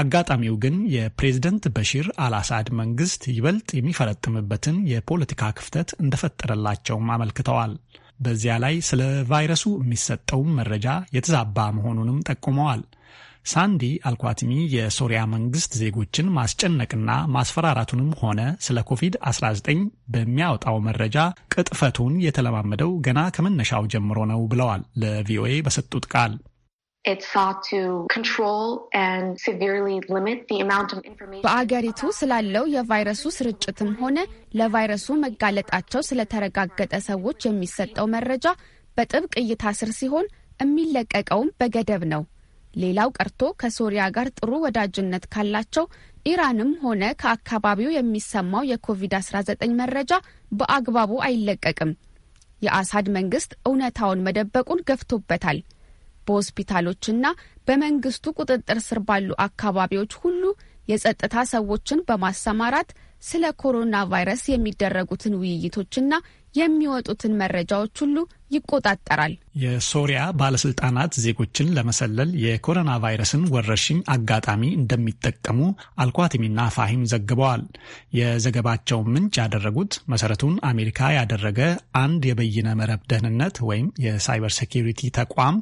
አጋጣሚው ግን የፕሬዝደንት በሺር አልአሳድ መንግስት ይበልጥ የሚፈረጥምበትን የፖለቲካ ክፍተት እንደፈጠረላቸውም አመልክተዋል። በዚያ ላይ ስለ ቫይረሱ የሚሰጠውም መረጃ የተዛባ መሆኑንም ጠቁመዋል። ሳንዲ አልኳትሚ የሶሪያ መንግስት ዜጎችን ማስጨነቅና ማስፈራራቱንም ሆነ ስለ ኮቪድ-19 በሚያወጣው መረጃ ቅጥፈቱን የተለማመደው ገና ከመነሻው ጀምሮ ነው ብለዋል ለቪኦኤ በሰጡት ቃል። በአገሪቱ ስላለው የቫይረሱ ስርጭትም ሆነ ለቫይረሱ መጋለጣቸው ስለተረጋገጠ ሰዎች የሚሰጠው መረጃ በጥብቅ እይታ ስር ሲሆን የሚለቀቀውም በገደብ ነው። ሌላው ቀርቶ ከሶሪያ ጋር ጥሩ ወዳጅነት ካላቸው ኢራንም ሆነ ከአካባቢው የሚሰማው የኮቪድ-19 መረጃ በአግባቡ አይለቀቅም። የአሳድ መንግስት እውነታውን መደበቁን ገፍቶበታል። በሆስፒታሎችና በመንግስቱ ቁጥጥር ስር ባሉ አካባቢዎች ሁሉ የጸጥታ ሰዎችን በማሰማራት ስለ ኮሮና ቫይረስ የሚደረጉትን ውይይቶችና የሚወጡትን መረጃዎች ሁሉ ይቆጣጠራል። የሶሪያ ባለስልጣናት ዜጎችን ለመሰለል የኮሮና ቫይረስን ወረርሽኝ አጋጣሚ እንደሚጠቀሙ አልኳትሚና ፋሂም ዘግበዋል። የዘገባቸው ምንጭ ያደረጉት መሰረቱን አሜሪካ ያደረገ አንድ የበይነ መረብ ደህንነት ወይም የሳይበር ሴኪሪቲ ተቋም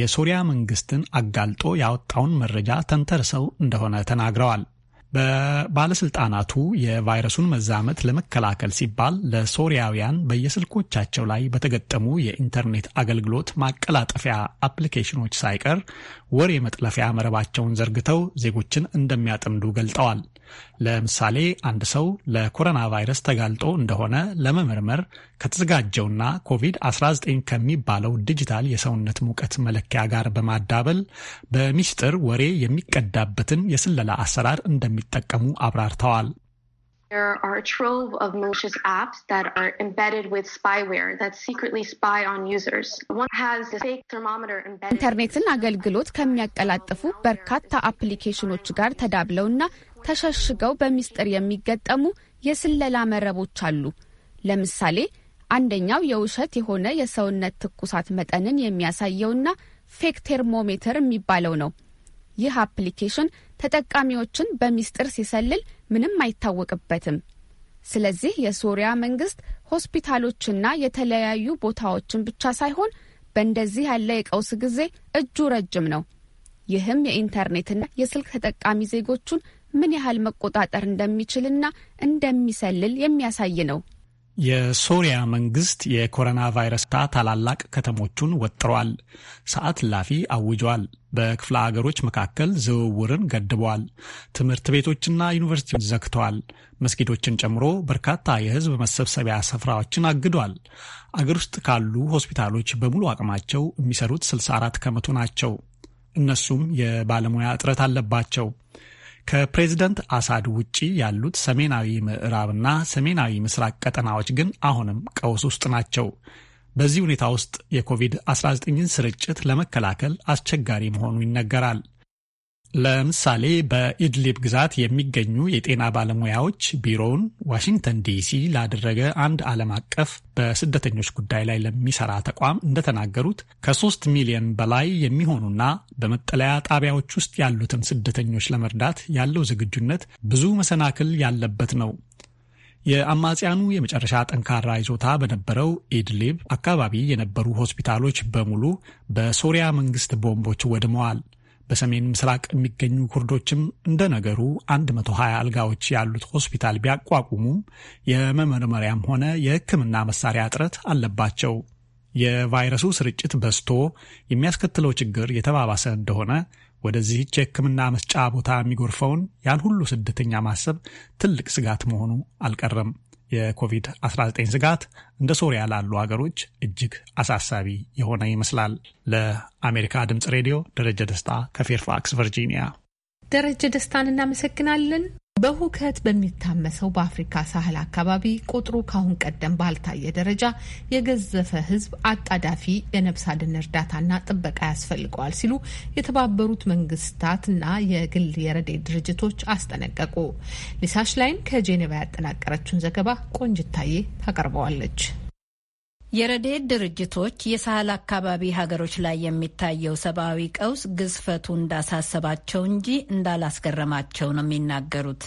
የሶሪያ መንግስትን አጋልጦ ያወጣውን መረጃ ተንተርሰው እንደሆነ ተናግረዋል። ባለስልጣናቱ የቫይረሱን መዛመት ለመከላከል ሲባል ለሶሪያውያን በየስልኮቻቸው ላይ በተገጠሙ የኢንተርኔት አገልግሎት ማቀላጠፊያ አፕሊኬሽኖች ሳይቀር ወሬ መጥለፊያ መረባቸውን ዘርግተው ዜጎችን እንደሚያጠምዱ ገልጠዋል። ለምሳሌ አንድ ሰው ለኮሮና ቫይረስ ተጋልጦ እንደሆነ ለመመርመር ከተዘጋጀውና ኮቪድ-19 ከሚባለው ዲጂታል የሰውነት ሙቀት መለኪያ ጋር በማዳበል በሚስጥር ወሬ የሚቀዳበትን የስለላ አሰራር እንደሚጠቀሙ አብራርተዋል። There are a trove of malicious apps that are embedded with spyware that secretly spy on users. One has fake thermometer embedded. ኢንተርኔትን አገልግሎት ከሚያቀላጥፉ በርካታ አፕሊኬሽኖች ጋር ተዳብለውና ተሸሽገው በሚስጥር የሚገጠሙ የስለላ መረቦች አሉ። ለምሳሌ አንደኛው የውሸት የሆነ የሰውነት ትኩሳት መጠንን የሚያሳየውና ፌክ ቴርሞሜትር የሚባለው ነው። ይህ አፕሊኬሽን ተጠቃሚዎችን በሚስጥር ሲሰልል ምንም አይታወቅበትም። ስለዚህ የሶሪያ መንግስት ሆስፒታሎችና የተለያዩ ቦታዎችን ብቻ ሳይሆን በእንደዚህ ያለ የቀውስ ጊዜ እጁ ረጅም ነው። ይህም የኢንተርኔትና የስልክ ተጠቃሚ ዜጎቹን ምን ያህል መቆጣጠር እንደሚችልና እንደሚሰልል የሚያሳይ ነው። የሶሪያ መንግስት የኮሮና ቫይረስ ታላላቅ ከተሞቹን ወጥረዋል። ሰዓት ላፊ አውጇል። በክፍለ አገሮች መካከል ዝውውርን ገድበዋል። ትምህርት ቤቶችና ዩኒቨርሲቲዎች ዘግተዋል። መስጊዶችን ጨምሮ በርካታ የህዝብ መሰብሰቢያ ስፍራዎችን አግዷል። አገር ውስጥ ካሉ ሆስፒታሎች በሙሉ አቅማቸው የሚሰሩት 64 ከመቶ ናቸው። እነሱም የባለሙያ እጥረት አለባቸው። ከፕሬዝደንት አሳድ ውጪ ያሉት ሰሜናዊ ምዕራብና ሰሜናዊ ምስራቅ ቀጠናዎች ግን አሁንም ቀውስ ውስጥ ናቸው። በዚህ ሁኔታ ውስጥ የኮቪድ-19ን ስርጭት ለመከላከል አስቸጋሪ መሆኑ ይነገራል። ለምሳሌ በኢድሊብ ግዛት የሚገኙ የጤና ባለሙያዎች ቢሮውን ዋሽንግተን ዲሲ ላደረገ አንድ ዓለም አቀፍ በስደተኞች ጉዳይ ላይ ለሚሰራ ተቋም እንደተናገሩት ከሶስት ሚሊዮን በላይ የሚሆኑና በመጠለያ ጣቢያዎች ውስጥ ያሉትን ስደተኞች ለመርዳት ያለው ዝግጁነት ብዙ መሰናክል ያለበት ነው። የአማጽያኑ የመጨረሻ ጠንካራ ይዞታ በነበረው ኢድሊብ አካባቢ የነበሩ ሆስፒታሎች በሙሉ በሶሪያ መንግስት ቦምቦች ወድመዋል። በሰሜን ምስራቅ የሚገኙ ኩርዶችም እንደ ነገሩ 120 አልጋዎች ያሉት ሆስፒታል ቢያቋቁሙም የመመርመሪያም ሆነ የሕክምና መሳሪያ እጥረት አለባቸው። የቫይረሱ ስርጭት በዝቶ የሚያስከትለው ችግር የተባባሰ እንደሆነ ወደዚህች የሕክምና መስጫ ቦታ የሚጎርፈውን ያን ሁሉ ስደተኛ ማሰብ ትልቅ ስጋት መሆኑ አልቀረም። የኮቪድ-19 ስጋት እንደ ሶሪያ ላሉ ሀገሮች እጅግ አሳሳቢ የሆነ ይመስላል። ለአሜሪካ ድምፅ ሬዲዮ ደረጀ ደስታ ከፌርፋክስ ቨርጂኒያ። ደረጀ ደስታን እናመሰግናለን። በሁከት በሚታመሰው በአፍሪካ ሳህል አካባቢ ቁጥሩ ካሁን ቀደም ባልታየ ደረጃ የገዘፈ ህዝብ አጣዳፊ የነፍስ አድን እርዳታና ጥበቃ ያስፈልገዋል ሲሉ የተባበሩት መንግስታትና የግል የረድኤት ድርጅቶች አስጠነቀቁ። ሊሳሽ ላይን ከጄኔቫ ያጠናቀረችውን ዘገባ ቆንጅታዬ ታቀርበዋለች። የረድኤት ድርጅቶች የሳህል አካባቢ ሀገሮች ላይ የሚታየው ሰብአዊ ቀውስ ግዝፈቱ እንዳሳሰባቸው እንጂ እንዳላስገረማቸው ነው የሚናገሩት።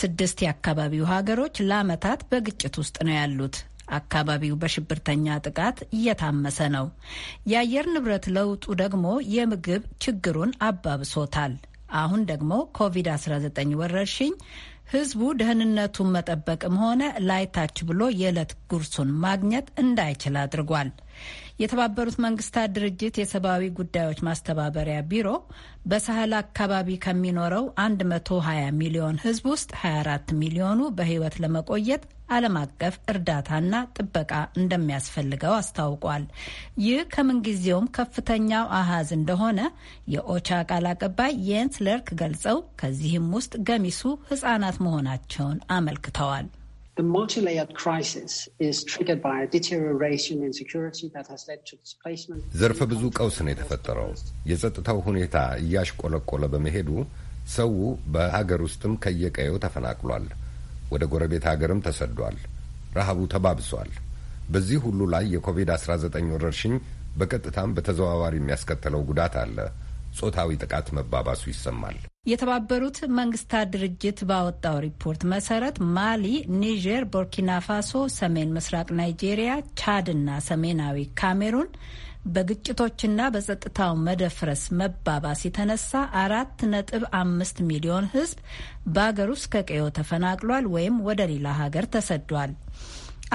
ስድስት የአካባቢው ሀገሮች ለአመታት በግጭት ውስጥ ነው ያሉት። አካባቢው በሽብርተኛ ጥቃት እየታመሰ ነው። የአየር ንብረት ለውጡ ደግሞ የምግብ ችግሩን አባብሶታል። አሁን ደግሞ ኮቪድ-19 ወረርሽኝ ህዝቡ ደህንነቱን መጠበቅም ሆነ ላይታች ብሎ የዕለት ጉርሱን ማግኘት እንዳይችል አድርጓል። የተባበሩት መንግስታት ድርጅት የሰብአዊ ጉዳዮች ማስተባበሪያ ቢሮ በሳህል አካባቢ ከሚኖረው 120 ሚሊዮን ህዝብ ውስጥ 24 ሚሊዮኑ በህይወት ለመቆየት ዓለም አቀፍ እርዳታና ጥበቃ እንደሚያስፈልገው አስታውቋል። ይህ ከምንጊዜውም ከፍተኛው አሃዝ እንደሆነ የኦቻ ቃል አቀባይ የንስ ለርክ ገልጸው ከዚህም ውስጥ ገሚሱ ህጻናት መሆናቸውን አመልክተዋል። ዘርፈ ብዙ ቀውስ ነው የተፈጠረው። የጸጥታው ሁኔታ እያሽቆለቆለ በመሄዱ ሰው በሀገር ውስጥም ከየቀየው ተፈናቅሏል። ወደ ጎረቤት ሀገርም ተሰዷል። ረሃቡ ተባብሷል። በዚህ ሁሉ ላይ የኮቪድ-19 ወረርሽኝ በቀጥታም በተዘዋዋሪ የሚያስከተለው ጉዳት አለ። ጾታዊ ጥቃት መባባሱ ይሰማል። የተባበሩት መንግስታት ድርጅት ባወጣው ሪፖርት መሰረት ማሊ፣ ኒጀር፣ ቡርኪና ፋሶ፣ ሰሜን ምስራቅ ናይጄሪያ፣ ቻድ እና ሰሜናዊ ካሜሩን በግጭቶችና በጸጥታው መደፍረስ መባባስ የተነሳ አራት ነጥብ አምስት ሚሊዮን ሕዝብ በሀገር ውስጥ ከቀዮ ተፈናቅሏል ወይም ወደ ሌላ ሀገር ተሰዷል።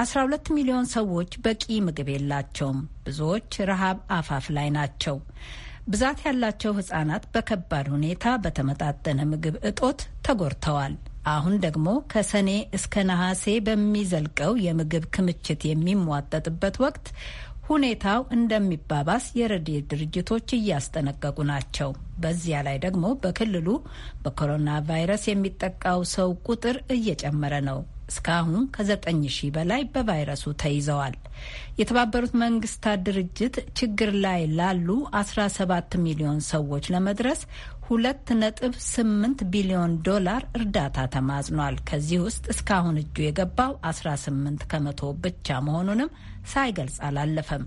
አስራ ሁለት ሚሊዮን ሰዎች በቂ ምግብ የላቸውም። ብዙዎች ረሃብ አፋፍ ላይ ናቸው። ብዛት ያላቸው ህጻናት በከባድ ሁኔታ በተመጣጠነ ምግብ እጦት ተጎድተዋል። አሁን ደግሞ ከሰኔ እስከ ነሐሴ በሚዘልቀው የምግብ ክምችት የሚሟጠጥበት ወቅት ሁኔታው እንደሚባባስ የረድኤት ድርጅቶች እያስጠነቀቁ ናቸው። በዚያ ላይ ደግሞ በክልሉ በኮሮና ቫይረስ የሚጠቃው ሰው ቁጥር እየጨመረ ነው። እስካሁን ከዘጠኝ ሺህ በላይ በቫይረሱ ተይዘዋል። የተባበሩት መንግስታት ድርጅት ችግር ላይ ላሉ 17 ሚሊዮን ሰዎች ለመድረስ ሁለት ቢሊዮን ዶላር እርዳታ ተማጽኗል። ከዚህ ውስጥ እስካሁን እጁ የገባው 18 ከመቶ ብቻ መሆኑንም ሳይገልጽ አላለፈም።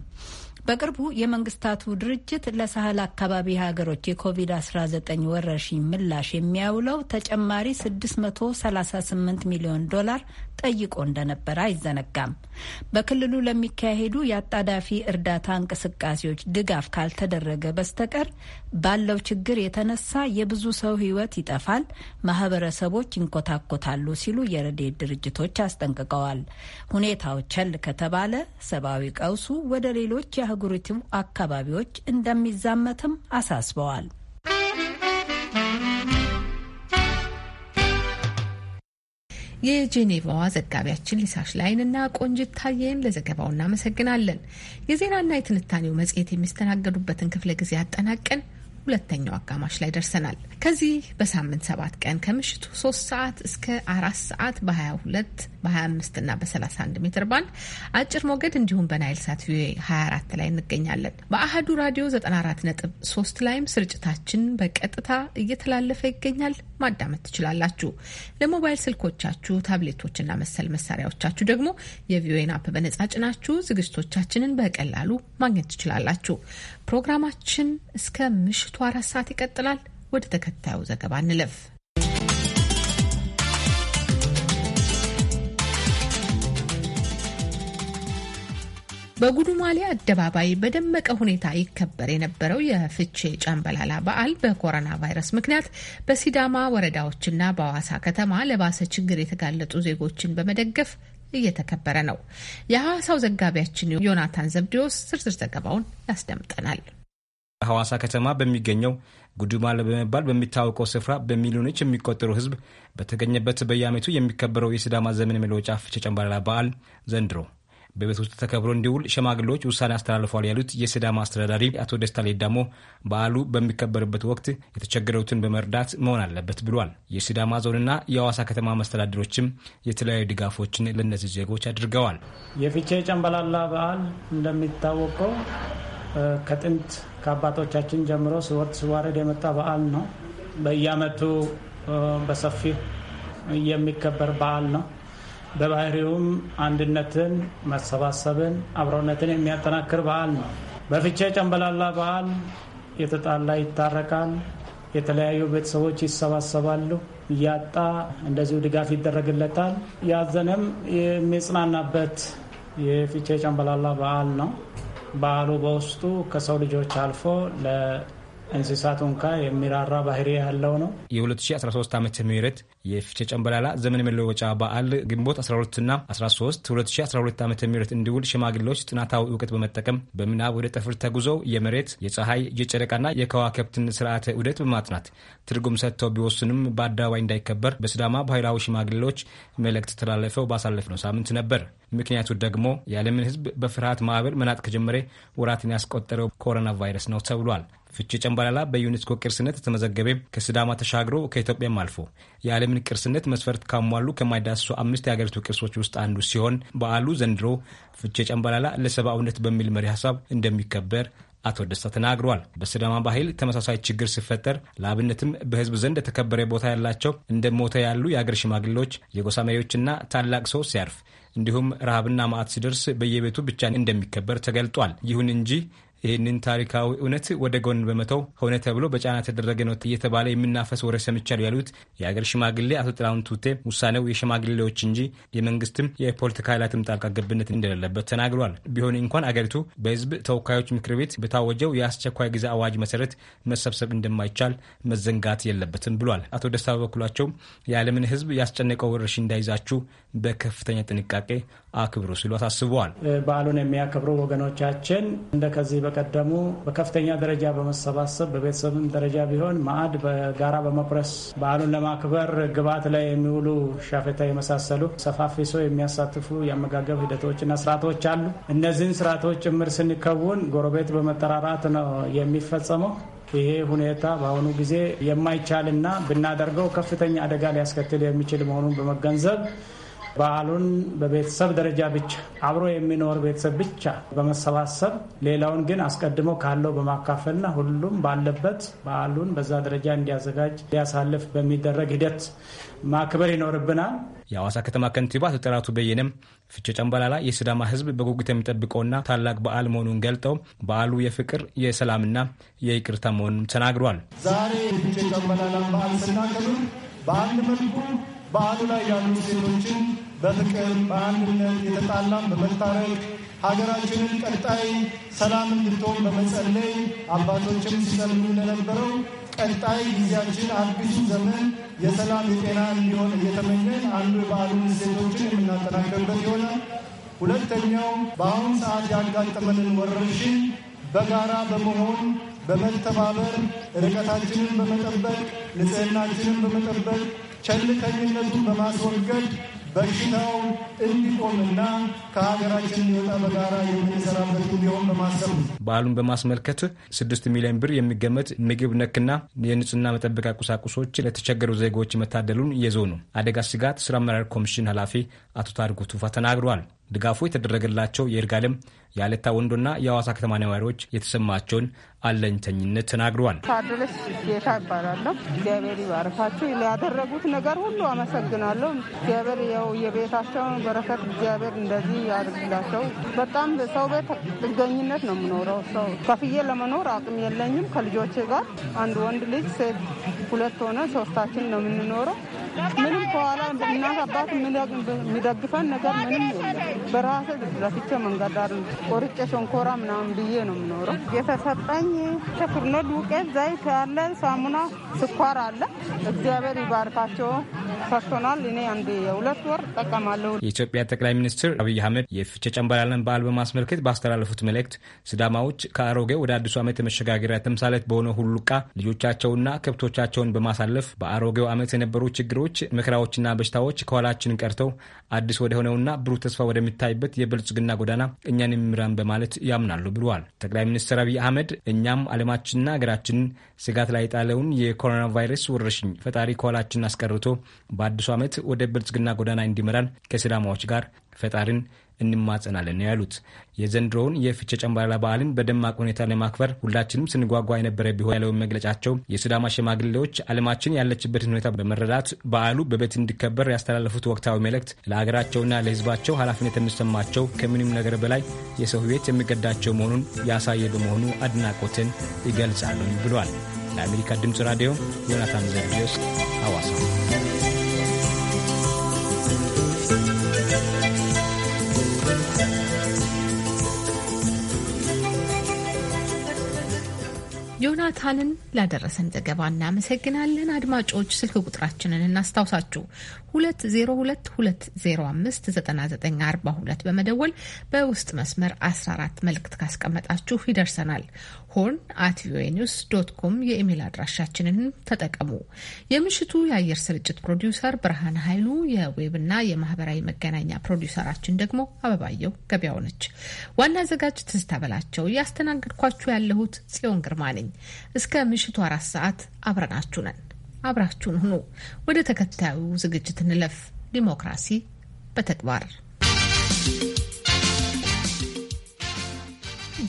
በቅርቡ የመንግስታቱ ድርጅት ለሳህል አካባቢ ሀገሮች የኮቪድ-19 ወረርሽኝ ምላሽ የሚያውለው ተጨማሪ 638 ሚሊዮን ዶላር ጠይቆ እንደነበረ አይዘነጋም። በክልሉ ለሚካሄዱ የአጣዳፊ እርዳታ እንቅስቃሴዎች ድጋፍ ካልተደረገ በስተቀር ባለው ችግር የተነሳ የብዙ ሰው ሕይወት ይጠፋል፣ ማህበረሰቦች ይንኮታኮታሉ ሲሉ የረድኤት ድርጅቶች አስጠንቅቀዋል። ሁኔታው ቸል ከተባለ ሰብአዊ ቀውሱ ወደ ሌሎች አህጉሪቱ አካባቢዎች እንደሚዛመትም አሳስበዋል። የጄኔቫዋ ዘጋቢያችን ሊሳሽ ላይንና ቆንጅት ታየን ለዘገባው እናመሰግናለን። የዜናና የትንታኔው መጽሔት የሚስተናገዱበትን ክፍለ ጊዜ አጠናቀን ሁለተኛው አጋማሽ ላይ ደርሰናል። ከዚህ በሳምንት ሰባት ቀን ከምሽቱ ሶስት ሰዓት እስከ አራት ሰዓት በ22 በ25 እና በ31 ሜትር ባንድ አጭር ሞገድ እንዲሁም በናይል ሳት ቪኦኤ 24 ላይ እንገኛለን። በአህዱ ራዲዮ 94.3 ላይም ስርጭታችን በቀጥታ እየተላለፈ ይገኛል። ማዳመጥ ትችላላችሁ። ለሞባይል ስልኮቻችሁ ታብሌቶችና መሰል መሳሪያዎቻችሁ ደግሞ የቪኦኤን አፕ በነጻ ጭናችሁ ዝግጅቶቻችንን በቀላሉ ማግኘት ትችላላችሁ። ፕሮግራማችን እስከ ምሽቱ አራት ሰዓት ይቀጥላል። ወደ ተከታዩ ዘገባ እንለፍ። በጉዱማሌ አደባባይ በደመቀ ሁኔታ ይከበር የነበረው የፍቼ ጫምበላላ በዓል በኮሮና ቫይረስ ምክንያት በሲዳማ ወረዳዎችና በአዋሳ ከተማ ለባሰ ችግር የተጋለጡ ዜጎችን በመደገፍ እየተከበረ ነው። የሐዋሳው ዘጋቢያችን ዮናታን ዘብዲዎስ ዝርዝር ዘገባውን ያስደምጠናል። ሐዋሳ ከተማ በሚገኘው ጉዱማለ በመባል በሚታወቀው ስፍራ በሚሊዮኖች የሚቆጠሩ ሕዝብ በተገኘበት በየዓመቱ የሚከበረው የሲዳማ ዘመን መለወጫ ፍቼ ጨምባላላ በዓል ዘንድሮ በቤት ውስጥ ተከብሮ እንዲውል ሸማግሌዎች ውሳኔ አስተላልፏል ያሉት የሲዳማ አስተዳዳሪ አቶ ደስታ ሌዳሞ በዓሉ በሚከበርበት ወቅት የተቸገሩትን በመርዳት መሆን አለበት ብሏል። የሲዳማ ዞንና የአዋሳ ከተማ መስተዳድሮችም የተለያዩ ድጋፎችን ለእነዚህ ዜጎች አድርገዋል። የፊቼ ጨንበላላ በዓል እንደሚታወቀው ከጥንት ከአባቶቻችን ጀምሮ ሲወርድ ስዋረድ የመጣ በዓል ነው። በየአመቱ በሰፊ የሚከበር በዓል ነው። በባህሪውም አንድነትን፣ መሰባሰብን፣ አብሮነትን የሚያጠናክር በዓል ነው። በፍቼ ጨንበላላ በዓል የተጣላ ይታረቃል፣ የተለያዩ ቤተሰቦች ይሰባሰባሉ። እያጣ እንደዚሁ ድጋፍ ይደረግለታል። ያዘነም የሚጽናናበት የፍቼ ጨንበላላ በዓል ነው። በዓሉ በውስጡ ከሰው ልጆች አልፎ እንስሳት እንኳ የሚራራ ባህሪ ያለው ነው። የ2013 ዓ ም የፊቼ ጨንበላላ ዘመን መለወጫ በዓል ግንቦት 12ና 13 2012 ዓ ም እንዲውል ሽማግሌዎች ጥናታዊ እውቀት በመጠቀም በምናብ ወደ ጠፍር ተጉዘው የመሬት የፀሐይ የጨረቃና የከዋከብትን ስርዓተ ውደት በማጥናት ትርጉም ሰጥተው ቢወስንም በአደባባይ እንዳይከበር በስዳማ ባህላዊ ሽማግሌዎች መልእክት ተላለፈው ባሳለፍነው ሳምንት ነበር። ምክንያቱ ደግሞ የዓለምን ሕዝብ በፍርሃት ማዕበል መናጥ ከጀመረ ወራትን ያስቆጠረው ኮሮና ቫይረስ ነው ተብሏል። ፍቼ ጨምባላላ በዩኔስኮ ቅርስነት የተመዘገበ ከሲዳማ ተሻግሮ ከኢትዮጵያም አልፎ የዓለምን ቅርስነት መስፈርት ካሟሉ ከማይዳሰሱ አምስት የሀገሪቱ ቅርሶች ውስጥ አንዱ ሲሆን በዓሉ ዘንድሮ ፍቼ ጨምባላላ ለሰብአዊነት በሚል መሪ ሀሳብ እንደሚከበር አቶ ደስታ ተናግረዋል። በስዳማ ባህል ተመሳሳይ ችግር ሲፈጠር ለአብነትም በህዝብ ዘንድ የተከበረ ቦታ ያላቸው እንደ ሞተ ያሉ የአገር ሽማግሌዎች፣ የጎሳ መሪዎችና ታላቅ ሰው ሲያርፍ እንዲሁም ረሃብና ማዕት ሲደርስ በየቤቱ ብቻ እንደሚከበር ተገልጧል። ይሁን እንጂ ይህንን ታሪካዊ እውነት ወደ ጎን በመተው ሆነ ተብሎ በጫና ተደረገ ነው እየተባለ የሚናፈስ ወሬ ሰምቻለሁ ያሉት የአገር ሽማግሌ አቶ ጥላሁን ቱቴ ውሳኔው የሽማግሌዎች እንጂ የመንግስትም የፖለቲካ ኃይላትም ጣልቃ ገብነት እንደሌለበት ተናግሯል። ቢሆን እንኳን አገሪቱ በህዝብ ተወካዮች ምክር ቤት በታወጀው የአስቸኳይ ጊዜ አዋጅ መሰረት መሰብሰብ እንደማይቻል መዘንጋት የለበትም ብሏል። አቶ ደስታ በበኩላቸው የዓለምን ህዝብ ያስጨነቀው ወረርሽኝ እንዳይዛችሁ በከፍተኛ ጥንቃቄ አክብሩ ሲሉ አሳስበዋል። በዓሉን የሚያከብሩ ወገኖቻችን እንደ ከዚህ በቀደሙ በከፍተኛ ደረጃ በመሰባሰብ በቤተሰብም ደረጃ ቢሆን ማዕድ በጋራ በመቁረስ በዓሉን ለማክበር ግብዓት ላይ የሚውሉ ሻፌታ የመሳሰሉ ሰፋፊ ሰው የሚያሳትፉ የአመጋገብ ሂደቶችና ስርዓቶች አሉ። እነዚህን ስርዓቶች ጭምር ስንከውን ጎረቤት በመጠራራት ነው የሚፈጸመው። ይሄ ሁኔታ በአሁኑ ጊዜ የማይቻልና ብናደርገው ከፍተኛ አደጋ ሊያስከትል የሚችል መሆኑን በመገንዘብ በዓሉን በቤተሰብ ደረጃ ብቻ አብሮ የሚኖር ቤተሰብ ብቻ በመሰባሰብ ሌላውን ግን አስቀድሞ ካለው በማካፈልና ሁሉም ባለበት በዓሉን በዛ ደረጃ እንዲያዘጋጅ ሊያሳልፍ በሚደረግ ሂደት ማክበር ይኖርብናል። የአዋሳ ከተማ ከንቲባ ተጠራቱ ጥራቱ በየነም ፍቼ ጨምበላላ የሲዳማ ሕዝብ በጉጉት የሚጠብቀውና ታላቅ በዓል መሆኑን ገልጠው በዓሉ የፍቅር የሰላምና የይቅርታ መሆኑን ተናግሯል። ዛሬ ፍቼ ጨምበላላ በዓል ስናከብር በአንድ መልኩ በዓሉ ላይ ያሉ ሴቶችን በፍቅር በአንድነት የተጣላም በመታረቅ ሀገራችንን ቀጣይ ሰላም እንድትሆን በመጸለይ አባቶችም ሲጸልዩ እንደነበረው ቀጣይ ጊዜያችን አዲሱ ዘመን የሰላም የጤና እንዲሆን እየተመኘን አንዱ የበዓሉን ሴቶችን የምናጠናከርበት ይሆናል። ሁለተኛው በአሁኑ ሰዓት ያጋጠመንን ወረርሽኝ በጋራ በመሆን በመተባበር ርቀታችንን በመጠበቅ ንጽህናችንን በመጠበቅ ቸልተኝነቱን በማስወገድ በሽታው እንዲቆምና ከሀገራችን በጋራ የምንሰራበት በማሰብ በዓሉን በማስመልከት ስድስት ሚሊዮን ብር የሚገመት ምግብ ነክና የንጽህና መጠበቂያ ቁሳቁሶች ለተቸገሩ ዜጎች መታደሉን የዞኑ አደጋ ስጋት ስራ አመራር ኮሚሽን ኃላፊ አቶ ታሪኩ ቱፋ ተናግረዋል። ድጋፉ የተደረገላቸው የይርጋለም የአለታ ወንዶና የአዋሳ ከተማ ነዋሪዎች የተሰማቸውን አለኝተኝነት ተናግረዋል። ታድርስ ጌታ ይባላለሁ። እግዚአብሔር ይባርካችሁ። ያደረጉት ነገር ሁሉ አመሰግናለሁ። እግዚአብሔር ያው የቤታቸውን በረከት እግዚአብሔር እንደዚህ ያድርግላቸው። በጣም ሰው ቤት ጥገኝነት ነው የምኖረው። ሰው ከፍዬ ለመኖር አቅም የለኝም። ከልጆቼ ጋር አንድ ወንድ ልጅ፣ ሴት ሁለት ሆነ ሶስታችን ነው የምንኖረው። ምንም ከኋላ እናት አባት የሚደግፈን ነገር ምንም በራሴ ለፍቼ መንገድ ዳር ቆርጬ ሸንኮራ ምናምን ብዬ ነው የምኖረው። የተሰጠኝ ተክል ነው። ዱቄት፣ ዘይት አለ፣ ሳሙና፣ ስኳር አለ። እግዚአብሔር ይባርካቸው ሰጥቶናል። እኔ አንድ የሁለት ወር ጠቀማለሁ። የኢትዮጵያ ጠቅላይ ሚኒስትር አብይ አህመድ የፍቼ ጨንበላለን በዓል በማስመልከት ባስተላለፉት መልእክት ስዳማዎች ከአሮጌ ወደ አዲሱ ዓመት የመሸጋገሪያ ተምሳሌት በሆነ ሁሉቃ ልጆቻቸውና ከብቶቻቸውን በማሳለፍ በአሮጌው ዓመት የነበሩ ችግሮች፣ መከራዎችና በሽታዎች ከኋላችን ቀርተው አዲስ ወደሆነውና ብሩህ ተስፋ ወደሚታይበት የብልጽግና ጎዳና እኛን መምህራን በማለት ያምናሉ ብለዋል። ጠቅላይ ሚኒስትር አብይ አህመድ እኛም ዓለማችንና ሀገራችንን ስጋት ላይ የጣለውን የኮሮና ቫይረስ ወረርሽኝ ፈጣሪ ከኋላችን አስቀርቶ በአዲሱ ዓመት ወደ ብልጽግና ጎዳና እንዲመራን ከሲዳማዎች ጋር ፈጣሪን እንማጸናለን ያሉት የዘንድሮውን የፍቼ ጨምባላላ በዓልን በደማቅ ሁኔታ ለማክበር ሁላችንም ስንጓጓ የነበረ ቢሆን ያለውን መግለጫቸው የሱዳማ ሽማግሌዎች ዓለማችን ያለችበትን ሁኔታ በመረዳት በዓሉ በቤት እንዲከበር ያስተላለፉት ወቅታዊ መልእክት ለሀገራቸውና ለሕዝባቸው ኃላፊነት የሚሰማቸው ከምንም ነገር በላይ የሰው ሕይወት የሚገዳቸው መሆኑን ያሳየ በመሆኑ አድናቆትን ይገልጻሉ ብሏል። ለአሜሪካ ድምፅ ራዲዮ ዮናታን ዘርቢዮስ አዋሳ። ዮናታንን ላደረሰን ዘገባ እናመሰግናለን። አድማጮች ስልክ ቁጥራችንን እናስታውሳችሁ 2022059942 በመደወል በውስጥ መስመር 14 መልእክት ካስቀመጣችሁ ይደርሰናል። ሆርን አት ቪኦኤ ኒውስ ዶት ኮም የኢሜል አድራሻችንን ተጠቀሙ። የምሽቱ የአየር ስርጭት ፕሮዲውሰር ብርሃን ኃይሉ፣ የዌብና የማህበራዊ መገናኛ ፕሮዲውሰራችን ደግሞ አበባየው ገበያው ነች። ዋና አዘጋጅ ትዝታ በላቸው፣ እያስተናገድኳችሁ ያለሁት ጽዮን ግርማ ነኝ። እስከ ምሽቱ አራት ሰዓት አብረናችሁ ነን። አብራችሁን ሁኑ። ወደ ተከታዩ ዝግጅት እንለፍ። ዲሞክራሲ በተግባር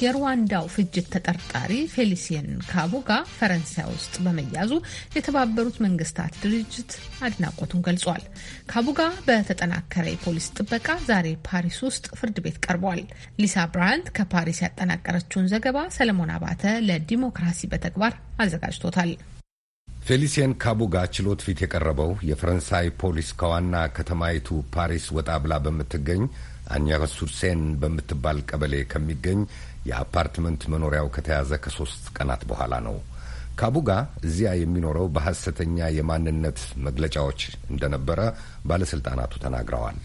የሩዋንዳው ፍጅት ተጠርጣሪ ፌሊሲየን ካቡጋ ፈረንሳይ ውስጥ በመያዙ የተባበሩት መንግስታት ድርጅት አድናቆቱን ገልጿል። ካቡጋ በተጠናከረ የፖሊስ ጥበቃ ዛሬ ፓሪስ ውስጥ ፍርድ ቤት ቀርቧል። ሊሳ ብራንት ከፓሪስ ያጠናቀረችውን ዘገባ ሰለሞን አባተ ለዲሞክራሲ በተግባር አዘጋጅቶታል። ፌሊሲየን ካቡጋ ችሎት ፊት የቀረበው የፈረንሳይ ፖሊስ ከዋና ከተማይቱ ፓሪስ ወጣ ብላ በምትገኝ ሱርሴን በምትባል ቀበሌ ከሚገኝ የአፓርትመንት መኖሪያው ከተያዘ ከሶስት ቀናት በኋላ ነው። ካቡጋ እዚያ የሚኖረው በሐሰተኛ የማንነት መግለጫዎች እንደነበረ ባለሥልጣናቱ ተናግረዋል።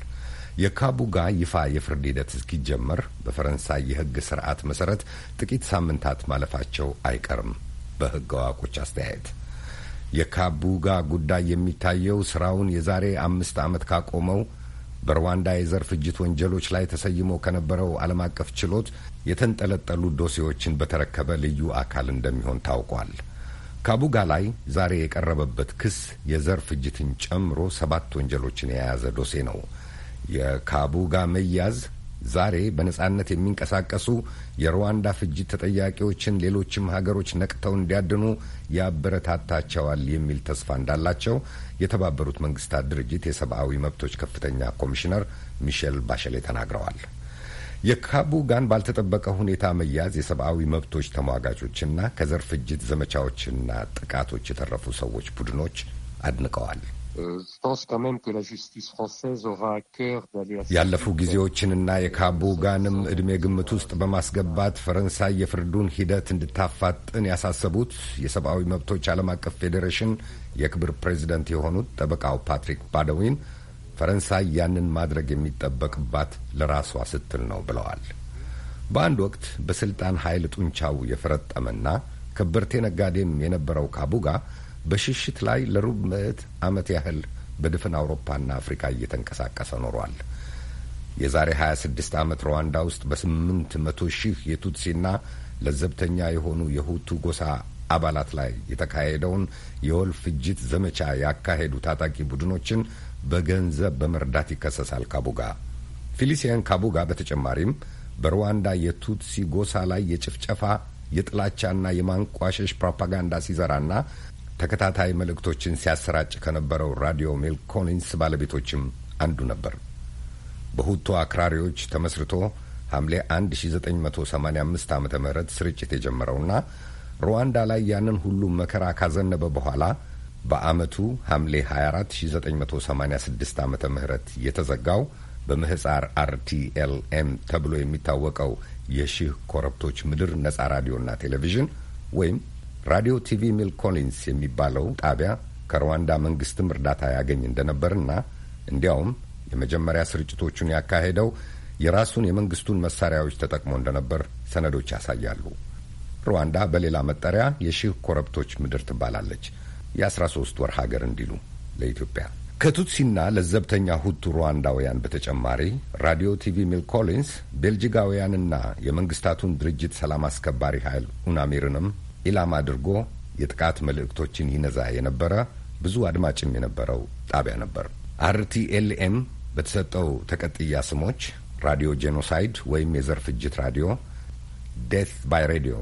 የካቡጋ ይፋ የፍርድ ሂደት እስኪጀመር በፈረንሳይ የሕግ ስርዓት መሠረት ጥቂት ሳምንታት ማለፋቸው አይቀርም። በሕግ አዋቆች አስተያየት የካቡጋ ጉዳይ የሚታየው ስራውን የዛሬ አምስት ዓመት ካቆመው በሩዋንዳ የዘር ፍጅት ወንጀሎች ላይ ተሰይሞ ከነበረው ዓለም አቀፍ ችሎት የተንጠለጠሉ ዶሴዎችን በተረከበ ልዩ አካል እንደሚሆን ታውቋል። ካቡጋ ላይ ዛሬ የቀረበበት ክስ የዘር ፍጅትን ጨምሮ ሰባት ወንጀሎችን የያዘ ዶሴ ነው። የካቡጋ መያዝ ዛሬ በነጻነት የሚንቀሳቀሱ የሩዋንዳ ፍጅት ተጠያቂዎችን ሌሎችም ሀገሮች ነቅተው እንዲያድኑ ያበረታታቸዋል የሚል ተስፋ እንዳላቸው የተባበሩት መንግስታት ድርጅት የሰብአዊ መብቶች ከፍተኛ ኮሚሽነር ሚሼል ባሸሌ ተናግረዋል። የካቡጋን ባልተጠበቀ ሁኔታ መያዝ የሰብአዊ መብቶች ተሟጋቾችና ከዘር ፍጅት ዘመቻዎችና ጥቃቶች የተረፉ ሰዎች ቡድኖች አድንቀዋል። ያለፉ ጊዜዎችንና የካቡ ጋንም ዕድሜ ግምት ውስጥ በማስገባት ፈረንሳይ የፍርዱን ሂደት እንድታፋጥን ያሳሰቡት የሰብአዊ መብቶች ዓለም አቀፍ ፌዴሬሽን የክብር ፕሬዚደንት የሆኑት ጠበቃው ፓትሪክ ባደዊን ፈረንሳይ ያንን ማድረግ የሚጠበቅባት ለራሷ ስትል ነው ብለዋል። በአንድ ወቅት በስልጣን ኃይል ጡንቻው የፈረጠመና ከበርቴ ነጋዴም የነበረው ካቡጋ በሽሽት ላይ ለሩብ ምዕት ዓመት ያህል በድፍን አውሮፓና አፍሪካ እየተንቀሳቀሰ ኖሯል። የዛሬ 26 ዓመት ሩዋንዳ ውስጥ በ መቶ ሺህ የቱትሲና ለዘብተኛ የሆኑ የሁቱ ጎሳ አባላት ላይ የተካሄደውን የወል ፍጅት ዘመቻ ያካሄዱ ታጣቂ ቡድኖችን በገንዘብ በመርዳት ይከሰሳል። ካቡጋ ፊሊሲያን ካቡጋ በተጨማሪም በሩዋንዳ የቱትሲ ጎሳ ላይ የጭፍጨፋ የጥላቻና የማንቋሸሽ ፕሮፓጋንዳ ሲዘራና ተከታታይ መልእክቶችን ሲያሰራጭ ከነበረው ራዲዮ ሜል ኮሊንስ ባለቤቶችም አንዱ ነበር። በሁቱ አክራሪዎች ተመስርቶ ሐምሌ 1985 ዓ ም ስርጭት የጀመረውና ሩዋንዳ ላይ ያንን ሁሉ መከራ ካዘነበ በኋላ በአመቱ ሐምሌ 24 ዓ ም የተዘጋው በምህፃር አርቲኤልኤም ተብሎ የሚታወቀው የሺህ ኮረብቶች ምድር ነጻ ራዲዮና ቴሌቪዥን ወይም ራዲዮ ቲቪ ሚል ኮሊንስ የሚባለው ጣቢያ ከሩዋንዳ መንግስትም እርዳታ ያገኝ እንደነበርና እንዲያውም የመጀመሪያ ስርጭቶቹን ያካሄደው የራሱን የመንግስቱን መሳሪያዎች ተጠቅሞ እንደነበር ሰነዶች ያሳያሉ። ሩዋንዳ በሌላ መጠሪያ የሺህ ኮረብቶች ምድር ትባላለች። የአስራ ሶስት ወር ሀገር እንዲሉ ለኢትዮጵያ ከቱትሲና ለዘብተኛ ሁቱ ሩዋንዳውያን በተጨማሪ ራዲዮ ቲቪ ሚል ኮሊንስ ቤልጂጋውያንና የመንግስታቱን ድርጅት ሰላም አስከባሪ ኃይል ኡናሚርንም ኢላማ አድርጎ የጥቃት መልእክቶችን ይነዛ የነበረ ብዙ አድማጭም የነበረው ጣቢያ ነበር። አርቲኤልኤም በተሰጠው ተቀጥያ ስሞች ራዲዮ ጄኖሳይድ ወይም የዘር ፍጅት ራዲዮ፣ ዴት ባይ ሬዲዮ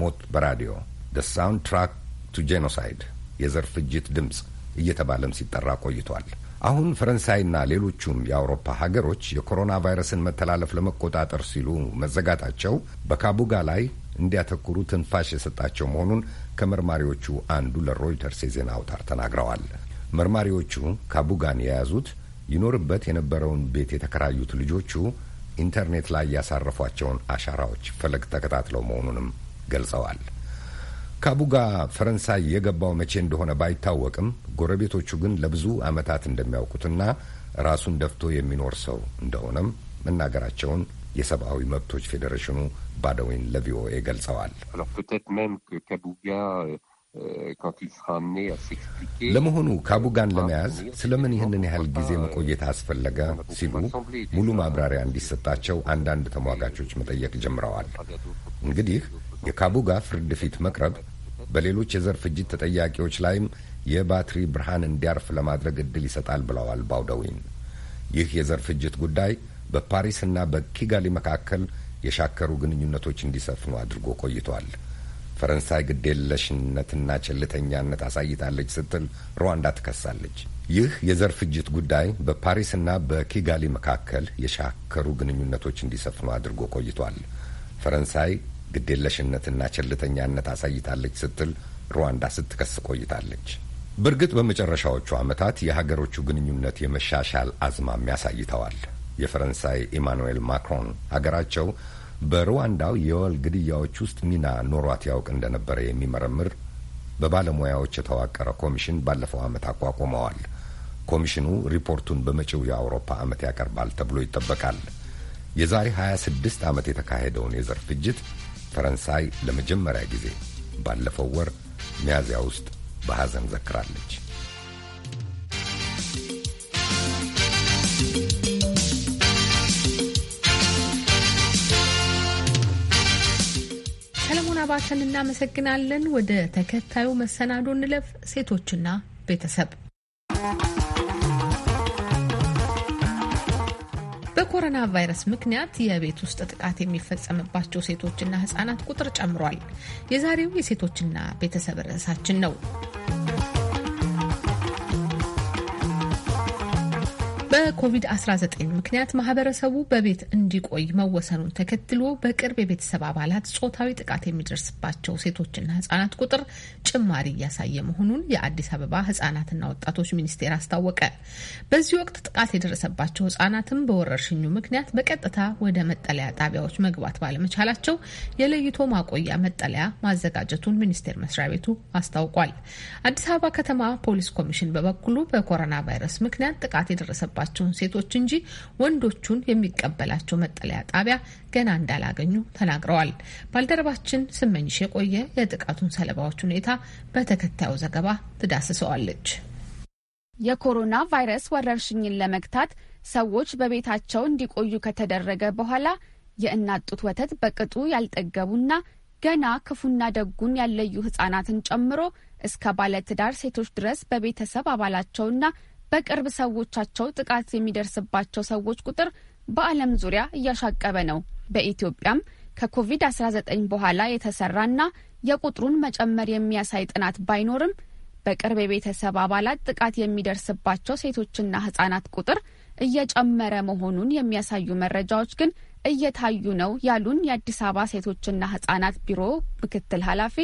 ሞት በራዲዮ ደ ሳውንድ ትራክ ቱ ጄኖሳይድ የዘር ፍጅት ድምፅ እየተባለም ሲጠራ ቆይቷል። አሁን ፈረንሳይና ሌሎቹም የአውሮፓ ሀገሮች የኮሮና ቫይረስን መተላለፍ ለመቆጣጠር ሲሉ መዘጋታቸው በካቡጋ ላይ እንዲያተኩሩ ትንፋሽ የሰጣቸው መሆኑን ከመርማሪዎቹ አንዱ ለሮይተርስ የዜና አውታር ተናግረዋል። መርማሪዎቹ ካቡጋን የያዙት ይኖርበት የነበረውን ቤት የተከራዩት ልጆቹ ኢንተርኔት ላይ ያሳረፏቸውን አሻራዎች ፈለግ ተከታትለው መሆኑንም ገልጸዋል። ካቡጋ ፈረንሳይ የገባው መቼ እንደሆነ ባይታወቅም ጎረቤቶቹ ግን ለብዙ ዓመታት እንደሚያውቁትና ራሱን ደፍቶ የሚኖር ሰው እንደሆነም መናገራቸውን የሰብአዊ መብቶች ፌዴሬሽኑ ባደዊን ለቪኦኤ ገልጸዋል። euh, ለመሆኑ euh, ካቡጋን ለመያዝ ስለምን ይህንን ያህል ጊዜ መቆየት አስፈለገ? ሲሉ ሙሉ ማብራሪያ እንዲሰጣቸው አንዳንድ ተሟጋቾች መጠየቅ ጀምረዋል። እንግዲህ የካቡጋ ፍርድ ፊት መቅረብ በሌሎች የዘር ፍጅት ተጠያቂዎች ላይም የባትሪ ብርሃን እንዲያርፍ ለማድረግ እድል ይሰጣል ብለዋል ባውደዊን። ይህ የዘር ፍጅት ጉዳይ በፓሪስና በኪጋሊ መካከል የሻከሩ ግንኙነቶች እንዲሰፍኑ አድርጎ ቆይቷል። ፈረንሳይ ግዴለሽነትና ቸልተኛነት አሳይታለች ስትል ሩዋንዳ ትከሳለች። ይህ የዘር ፍጅት ጉዳይ በፓሪስና በኪጋሊ መካከል የሻከሩ ግንኙነቶች እንዲሰፍኑ አድርጎ ቆይቷል። ፈረንሳይ ግዴለሽነትና ቸልተኛነት አሳይታለች ስትል ሩዋንዳ ስትከስ ቆይታለች። በእርግጥ በመጨረሻዎቹ ዓመታት የሀገሮቹ ግንኙነት የመሻሻል አዝማሚያ አሳይተዋል። የፈረንሳይ ኢማኑኤል ማክሮን ሀገራቸው በሩዋንዳው የወል ግድያዎች ውስጥ ሚና ኖሯት ያውቅ እንደነበረ የሚመረምር በባለሙያዎች የተዋቀረ ኮሚሽን ባለፈው ዓመት አቋቁመዋል። ኮሚሽኑ ሪፖርቱን በመጪው የአውሮፓ ዓመት ያቀርባል ተብሎ ይጠበቃል። የዛሬ 26 ዓመት የተካሄደውን የዘር ፍጅት ፈረንሳይ ለመጀመሪያ ጊዜ ባለፈው ወር ሚያዝያ ውስጥ በሐዘን ዘክራለች። አባተን እናመሰግናለን። ወደ ተከታዩ መሰናዶ እንለፍ። ሴቶችና ቤተሰብ በኮሮና ቫይረስ ምክንያት የቤት ውስጥ ጥቃት የሚፈጸምባቸው ሴቶችና ህጻናት ቁጥር ጨምሯል። የዛሬው የሴቶችና ቤተሰብ ርዕሳችን ነው። በኮቪድ-19 ምክንያት ማህበረሰቡ በቤት እንዲቆይ መወሰኑን ተከትሎ በቅርብ የቤተሰብ አባላት ጾታዊ ጥቃት የሚደርስባቸው ሴቶችና ህጻናት ቁጥር ጭማሪ እያሳየ መሆኑን የአዲስ አበባ ህጻናትና ወጣቶች ሚኒስቴር አስታወቀ። በዚህ ወቅት ጥቃት የደረሰባቸው ህጻናትም በወረርሽኙ ምክንያት በቀጥታ ወደ መጠለያ ጣቢያዎች መግባት ባለመቻላቸው የለይቶ ማቆያ መጠለያ ማዘጋጀቱን ሚኒስቴር መስሪያ ቤቱ አስታውቋል። አዲስ አበባ ከተማ ፖሊስ ኮሚሽን በበኩሉ በኮሮና ቫይረስ ምክንያት ጥቃት የደረሰባቸው የሚያቀርባቸውን ሴቶች እንጂ ወንዶቹን የሚቀበላቸው መጠለያ ጣቢያ ገና እንዳላገኙ ተናግረዋል። ባልደረባችን ስመኝሽ የቆየ የጥቃቱን ሰለባዎች ሁኔታ በተከታዩ ዘገባ ትዳስሰዋለች። የኮሮና ቫይረስ ወረርሽኝን ለመግታት ሰዎች በቤታቸው እንዲቆዩ ከተደረገ በኋላ የእናት ጡት ወተት በቅጡ ያልጠገቡና ገና ክፉና ደጉን ያለዩ ህጻናትን ጨምሮ እስከ ባለትዳር ሴቶች ድረስ በቤተሰብ አባላቸውና በቅርብ ሰዎቻቸው ጥቃት የሚደርስባቸው ሰዎች ቁጥር በዓለም ዙሪያ እያሻቀበ ነው። በኢትዮጵያም ከኮቪድ-19 በኋላ የተሰራና የቁጥሩን መጨመር የሚያሳይ ጥናት ባይኖርም በቅርብ የቤተሰብ አባላት ጥቃት የሚደርስባቸው ሴቶችና ህጻናት ቁጥር እየጨመረ መሆኑን የሚያሳዩ መረጃዎች ግን እየታዩ ነው ያሉን የአዲስ አበባ ሴቶችና ህጻናት ቢሮ ምክትል ኃላፊ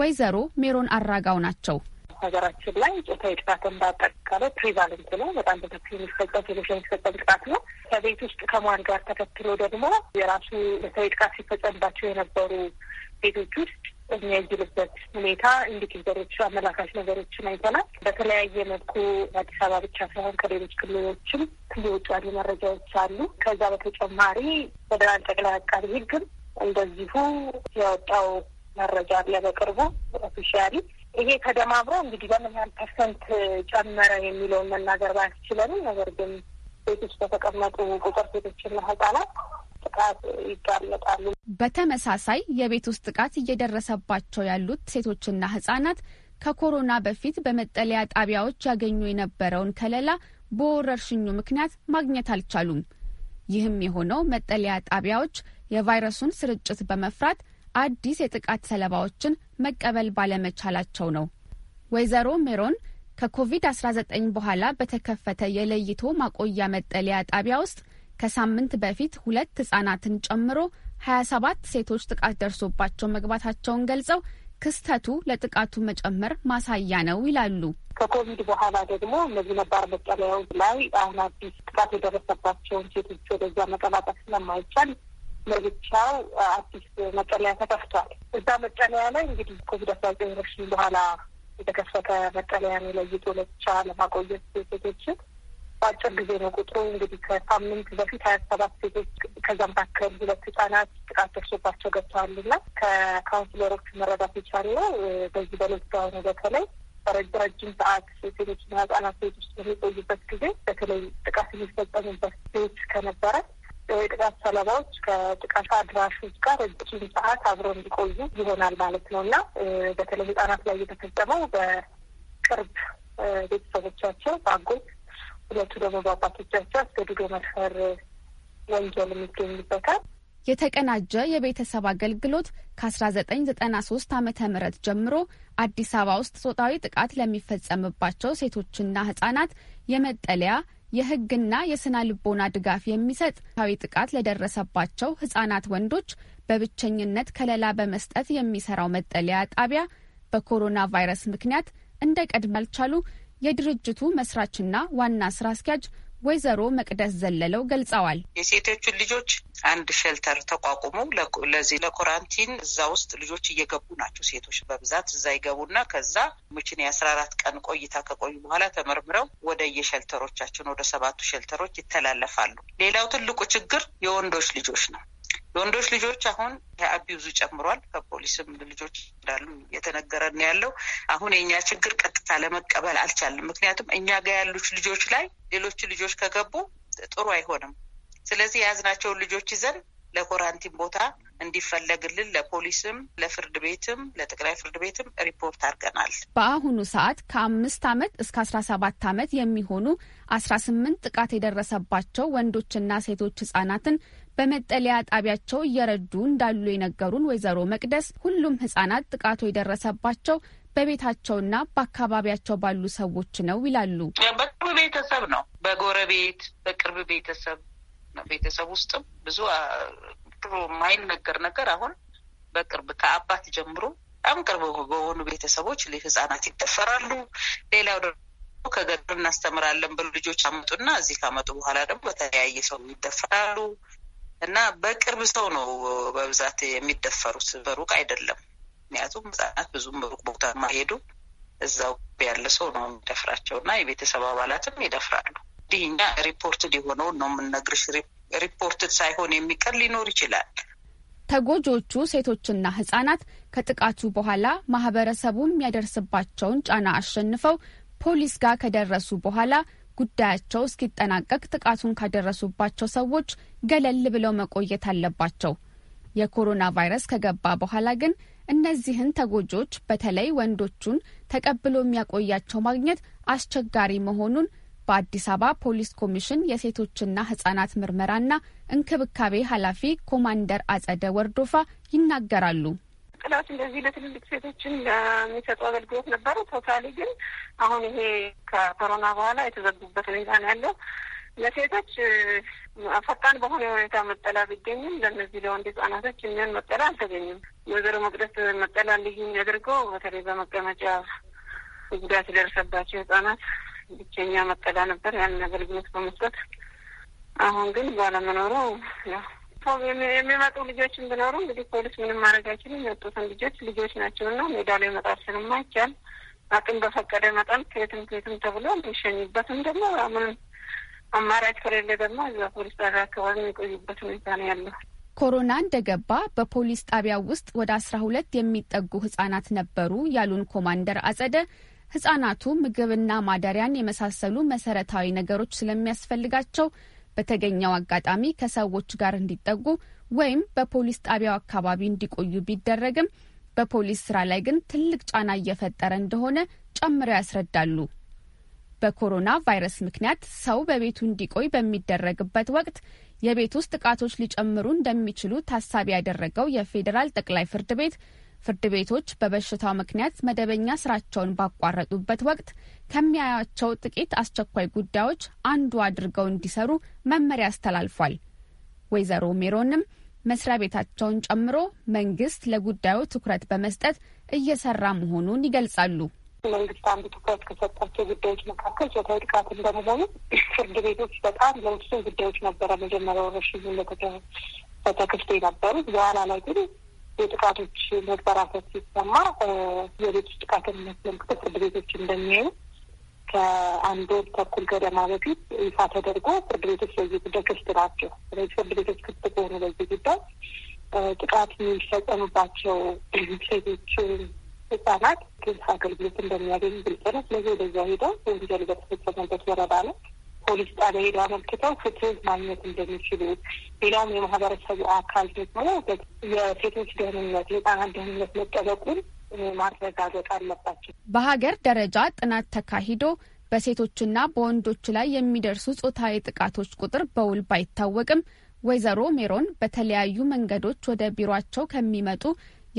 ወይዘሮ ሜሮን አራጋው ናቸው። ሀገራችን ላይ ጾታዊ ጥቃትን በአጠቃላይ ፕሪቫለንት ነው። በጣም በተክል የሚፈጸም ሌሎች የሚፈጸም ጥቃት ነው። ከቤት ውስጥ ከማን ጋር ተከትሎ ደግሞ የራሱ ጾታዊ ጥቃት ሲፈጸምባቸው የነበሩ ቤቶች ውስጥ የሚያይልበት ሁኔታ ኢንዲኬተሮች፣ አመላካች ነገሮችን አይተናል። በተለያየ መልኩ አዲስ አበባ ብቻ ሳይሆን ከሌሎች ክልሎችም የወጡ ያሉ መረጃዎች አሉ። ከዛ በተጨማሪ ፌደራል ጠቅላይ አቃቢ ሕግም እንደዚሁ ያወጣው መረጃ አለ በቅርቡ ኦፊሻሊ ይሄ ተደማምሮ እንግዲህ በምን ያህል ፐርሰንት ጨመረ የሚለውን መናገር ባያስችለንም፣ ነገር ግን ቤት ውስጥ በተቀመጡ ቁጥር ሴቶችና ህጻናት ጥቃት ይጋለጣሉ። በተመሳሳይ የቤት ውስጥ ጥቃት እየደረሰባቸው ያሉት ሴቶችና ህጻናት ከኮሮና በፊት በመጠለያ ጣቢያዎች ያገኙ የነበረውን ከለላ በወረርሽኙ ምክንያት ማግኘት አልቻሉም። ይህም የሆነው መጠለያ ጣቢያዎች የቫይረሱን ስርጭት በመፍራት አዲስ የጥቃት ሰለባዎችን መቀበል ባለመቻላቸው ነው። ወይዘሮ ሜሮን ከኮቪድ-19 በኋላ በተከፈተ የለይቶ ማቆያ መጠለያ ጣቢያ ውስጥ ከሳምንት በፊት ሁለት ህጻናትን ጨምሮ 27 ሴቶች ጥቃት ደርሶባቸው መግባታቸውን ገልጸው ክስተቱ ለጥቃቱ መጨመር ማሳያ ነው ይላሉ። ከኮቪድ በኋላ ደግሞ እነዚህ ነባር መጠለያው ላይ አሁን አዲስ ጥቃት የደረሰባቸውን ሴቶች ወደዛ መቀላቀል ስለማይቻል ለብቻው አዲስ መጠለያ ተከፍቷል። እዛ መጠለያ ላይ እንግዲህ ኮቪድ አስራ ዘጠኝ ወረርሽኝ በኋላ የተከፈተ መጠለያ ነው። ለይቶ ለብቻ ለማቆየት ሴቶችን በአጭር ጊዜ ነው ቁጥሩ እንግዲህ ከሳምንት በፊት ሀያ ሰባት ሴቶች ከዛ መካከል ሁለት ህጻናት ጥቃት ደርሶባቸው ገብተዋልና ከካውንስለሮች መረዳት የቻለው በዚህ በሎክዳውን በተለይ ረጅም ሰዓት ሴቶችና ህጻናት ቤት ውስጥ በሚቆዩበት ጊዜ በተለይ ጥቃት የሚፈጸሙበት ቤት ከነበረ የጥቃት ሰለባዎች ከጥቃት አድራሾች ጋር ረጅም ሰዓት አብሮ እንዲቆዩ ይሆናል ማለት ነው እና በተለይ ህጻናት ላይ የተፈጸመው በቅርብ ቤተሰቦቻቸው በአጎት ሁለቱ ደግሞ በአባቶቻቸው አስገድዶ መድፈር ወንጀል የሚገኝበታል። የተቀናጀ የቤተሰብ አገልግሎት ከ1993 ዓ ም ጀምሮ አዲስ አበባ ውስጥ ጾታዊ ጥቃት ለሚፈጸምባቸው ሴቶችና ህጻናት የመጠለያ የህግና የስነ ልቦና ድጋፍ የሚሰጥ ዊ ጥቃት ለደረሰባቸው ህጻናት ወንዶች በብቸኝነት ከለላ በመስጠት የሚሰራው መጠለያ ጣቢያ በኮሮና ቫይረስ ምክንያት እንደ ቀድሞ ያልቻሉ የድርጅቱ መስራችና ዋና ስራ አስኪያጅ ወይዘሮ መቅደስ ዘለለው ገልጸዋል። የሴቶቹን ልጆች አንድ ሸልተር ተቋቁመው ለዚህ ለኮራንቲን እዛ ውስጥ ልጆች እየገቡ ናቸው። ሴቶች በብዛት እዛ ይገቡና ከዛ ሙችን የአስራ አራት ቀን ቆይታ ከቆዩ በኋላ ተመርምረው ወደ የሸልተሮቻችን ወደ ሰባቱ ሸልተሮች ይተላለፋሉ። ሌላው ትልቁ ችግር የወንዶች ልጆች ነው። የወንዶች ልጆች አሁን የአቢውዙ ጨምሯል። ከፖሊስም ልጆች እንዳሉ እየተነገረ ነው ያለው። አሁን የእኛ ችግር ቀጥታ ለመቀበል አልቻልም ምክንያቱም እኛ ጋር ያሉት ልጆች ላይ ሌሎች ልጆች ከገቡ ጥሩ አይሆንም። ስለዚህ የያዝናቸውን ልጆች ይዘን ለኮራንቲን ቦታ እንዲፈለግልን ለፖሊስም ለፍርድ ቤትም ለጠቅላይ ፍርድ ቤትም ሪፖርት አድርገናል። በአሁኑ ሰዓት ከአምስት ዓመት እስከ አስራ ሰባት ዓመት የሚሆኑ አስራ ስምንት ጥቃት የደረሰባቸው ወንዶችና ሴቶች ህጻናትን በመጠለያ ጣቢያቸው እየረዱ እንዳሉ የነገሩን ወይዘሮ መቅደስ ሁሉም ህጻናት ጥቃቱ የደረሰባቸው በቤታቸውና በአካባቢያቸው ባሉ ሰዎች ነው ይላሉ። በቅርብ ቤተሰብ ነው፣ በጎረቤት በቅርብ ቤተሰብ ቤተሰብ ውስጥም ብዙ ጥሩ የማይነገር ነገር አሁን በቅርብ ከአባት ጀምሮ በጣም ቅርብ በሆኑ ቤተሰቦች ህጻናት ይደፈራሉ። ሌላው ደግሞ ከገጠር እናስተምራለን ብሎ ልጆች አመጡና እዚህ ካመጡ በኋላ ደግሞ በተለያየ ሰው ይደፈራሉ። እና በቅርብ ሰው ነው በብዛት የሚደፈሩት፣ በሩቅ አይደለም። ምክንያቱም ህጻናት ብዙም በሩቅ ቦታ ማሄዱ እዛው ያለ ሰው ነው የሚደፍራቸው እና የቤተሰብ አባላትም ይደፍራሉ። እንዲህ እኛ ሪፖርትድ የሆነውን ነው የምንነግርሽ። ሪፖርትድ ሳይሆን የሚቀር ሊኖር ይችላል። ተጎጂዎቹ ሴቶችና ህጻናት ከጥቃቱ በኋላ ማህበረሰቡ የሚያደርስባቸውን ጫና አሸንፈው ፖሊስ ጋር ከደረሱ በኋላ ጉዳያቸው እስኪጠናቀቅ ጥቃቱን ካደረሱባቸው ሰዎች ገለል ብለው መቆየት አለባቸው። የኮሮና ቫይረስ ከገባ በኋላ ግን እነዚህን ተጎጂዎች በተለይ ወንዶቹን ተቀብሎ የሚያቆያቸው ማግኘት አስቸጋሪ መሆኑን በአዲስ አበባ ፖሊስ ኮሚሽን የሴቶችና ህጻናት ምርመራና እንክብካቤ ኃላፊ ኮማንደር አጸደ ወርዶፋ ይናገራሉ። ጥላት እንደዚህ ለትልልቅ ሴቶችን ለሚሰጡ አገልግሎት ነበሩ። ቶታሊ ግን አሁን ይሄ ከኮሮና በኋላ የተዘጉበት ሁኔታ ነው ያለው። ለሴቶች ፈጣን በሆነ ሁኔታ መጠላ ቢገኝም ለእነዚህ ለወንድ ህጻናቶች የሚሆን መጠላ አልተገኝም። ወይዘሮ መቅደስ መጠላ ልዩ የሚያደርገው በተለይ በመቀመጫ ጉዳት የደረሰባቸው ህጻናት ብቸኛ መጠላ ነበር። ያንን አገልግሎት በመስጠት አሁን ግን ባለመኖሩ ያው የሚመጡ ልጆችን ቢኖሩ እንግዲህ ፖሊስ ምንም ማድረግ አይችልም። የመጡትን ልጆች ልጆች ናቸው ሜዳ ላይ መጣል ስለማይቻል አቅም በፈቀደ መጠን ከየትም ከየትም ተብሎ የሚሸኙበትም ደግሞ ምንም አማራጭ ከሌለ ደግሞ እዛ ፖሊስ ጣቢያ አካባቢ የሚቆዩበት ሁኔታ ነው ያለው። ኮሮና እንደገባ በፖሊስ ጣቢያ ውስጥ ወደ አስራ ሁለት የሚጠጉ ህጻናት ነበሩ ያሉን ኮማንደር አጸደ ህጻናቱ ምግብና ማደሪያን የመሳሰሉ መሰረታዊ ነገሮች ስለሚያስፈልጋቸው በተገኘው አጋጣሚ ከሰዎች ጋር እንዲጠጉ ወይም በፖሊስ ጣቢያው አካባቢ እንዲቆዩ ቢደረግም በፖሊስ ስራ ላይ ግን ትልቅ ጫና እየፈጠረ እንደሆነ ጨምረው ያስረዳሉ። በኮሮና ቫይረስ ምክንያት ሰው በቤቱ እንዲቆይ በሚደረግበት ወቅት የቤት ውስጥ ጥቃቶች ሊጨምሩ እንደሚችሉ ታሳቢ ያደረገው የፌዴራል ጠቅላይ ፍርድ ቤት ፍርድ ቤቶች በበሽታው ምክንያት መደበኛ ስራቸውን ባቋረጡበት ወቅት ከሚያያቸው ጥቂት አስቸኳይ ጉዳዮች አንዱ አድርገው እንዲሰሩ መመሪያ አስተላልፏል። ወይዘሮ ሜሮንም መስሪያ ቤታቸውን ጨምሮ መንግስት ለጉዳዩ ትኩረት በመስጠት እየሰራ መሆኑን ይገልጻሉ። መንግስት አንዱ ትኩረት ከሰጣቸው ጉዳዮች መካከል ጾታዊ ጥቃት እንደመሆኑ ፍርድ ቤቶች በጣም ለውሱ ጉዳዮች ነበረ መጀመሪያ ወረርሽኙ ተከፍቶ የነበሩት በኋላ ላይ ግን የጥቃቶች መበራከት ሲሰማ የቤት ውስጥ ጥቃትን የሚያስመልክቶ ፍርድ ቤቶች እንደሚያዩ ከአንድ ወር ተኩል ገደማ በፊት ይፋ ተደርጎ ፍርድ ቤቶች በዚህ ጉዳይ ክፍት ናቸው። ስለዚህ ፍርድ ቤቶች ክፍት ከሆኑ በዚህ ጉዳይ ጥቃት የሚፈጸምባቸው ሴቶች፣ ህጻናት ግልጽ አገልግሎት እንደሚያገኙ ግልጽ ነው። ስለዚህ ወደዚያ ሄደው ወንጀሉ በተፈጸመበት ወረዳ ነው ፖሊስ ጣቢያ ሄደው አመልክተው ፍትህ ማግኘት እንደሚችሉ ሌላውም የማህበረሰቡ አካል ደግሞ የሴቶች ደህንነት፣ የህጻናት ደህንነት መጠበቁን ማረጋገጥ አለባቸው። በሀገር ደረጃ ጥናት ተካሂዶ በሴቶችና በወንዶች ላይ የሚደርሱ ጾታዊ ጥቃቶች ቁጥር በውል ባይታወቅም ወይዘሮ ሜሮን በተለያዩ መንገዶች ወደ ቢሯቸው ከሚመጡ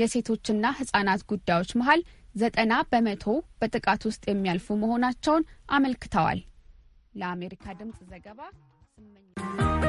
የሴቶችና ህጻናት ጉዳዮች መሀል ዘጠና በመቶ በጥቃት ውስጥ የሚያልፉ መሆናቸውን አመልክተዋል። ለአሜሪካ ድምፅ ዘገባ ስመኝ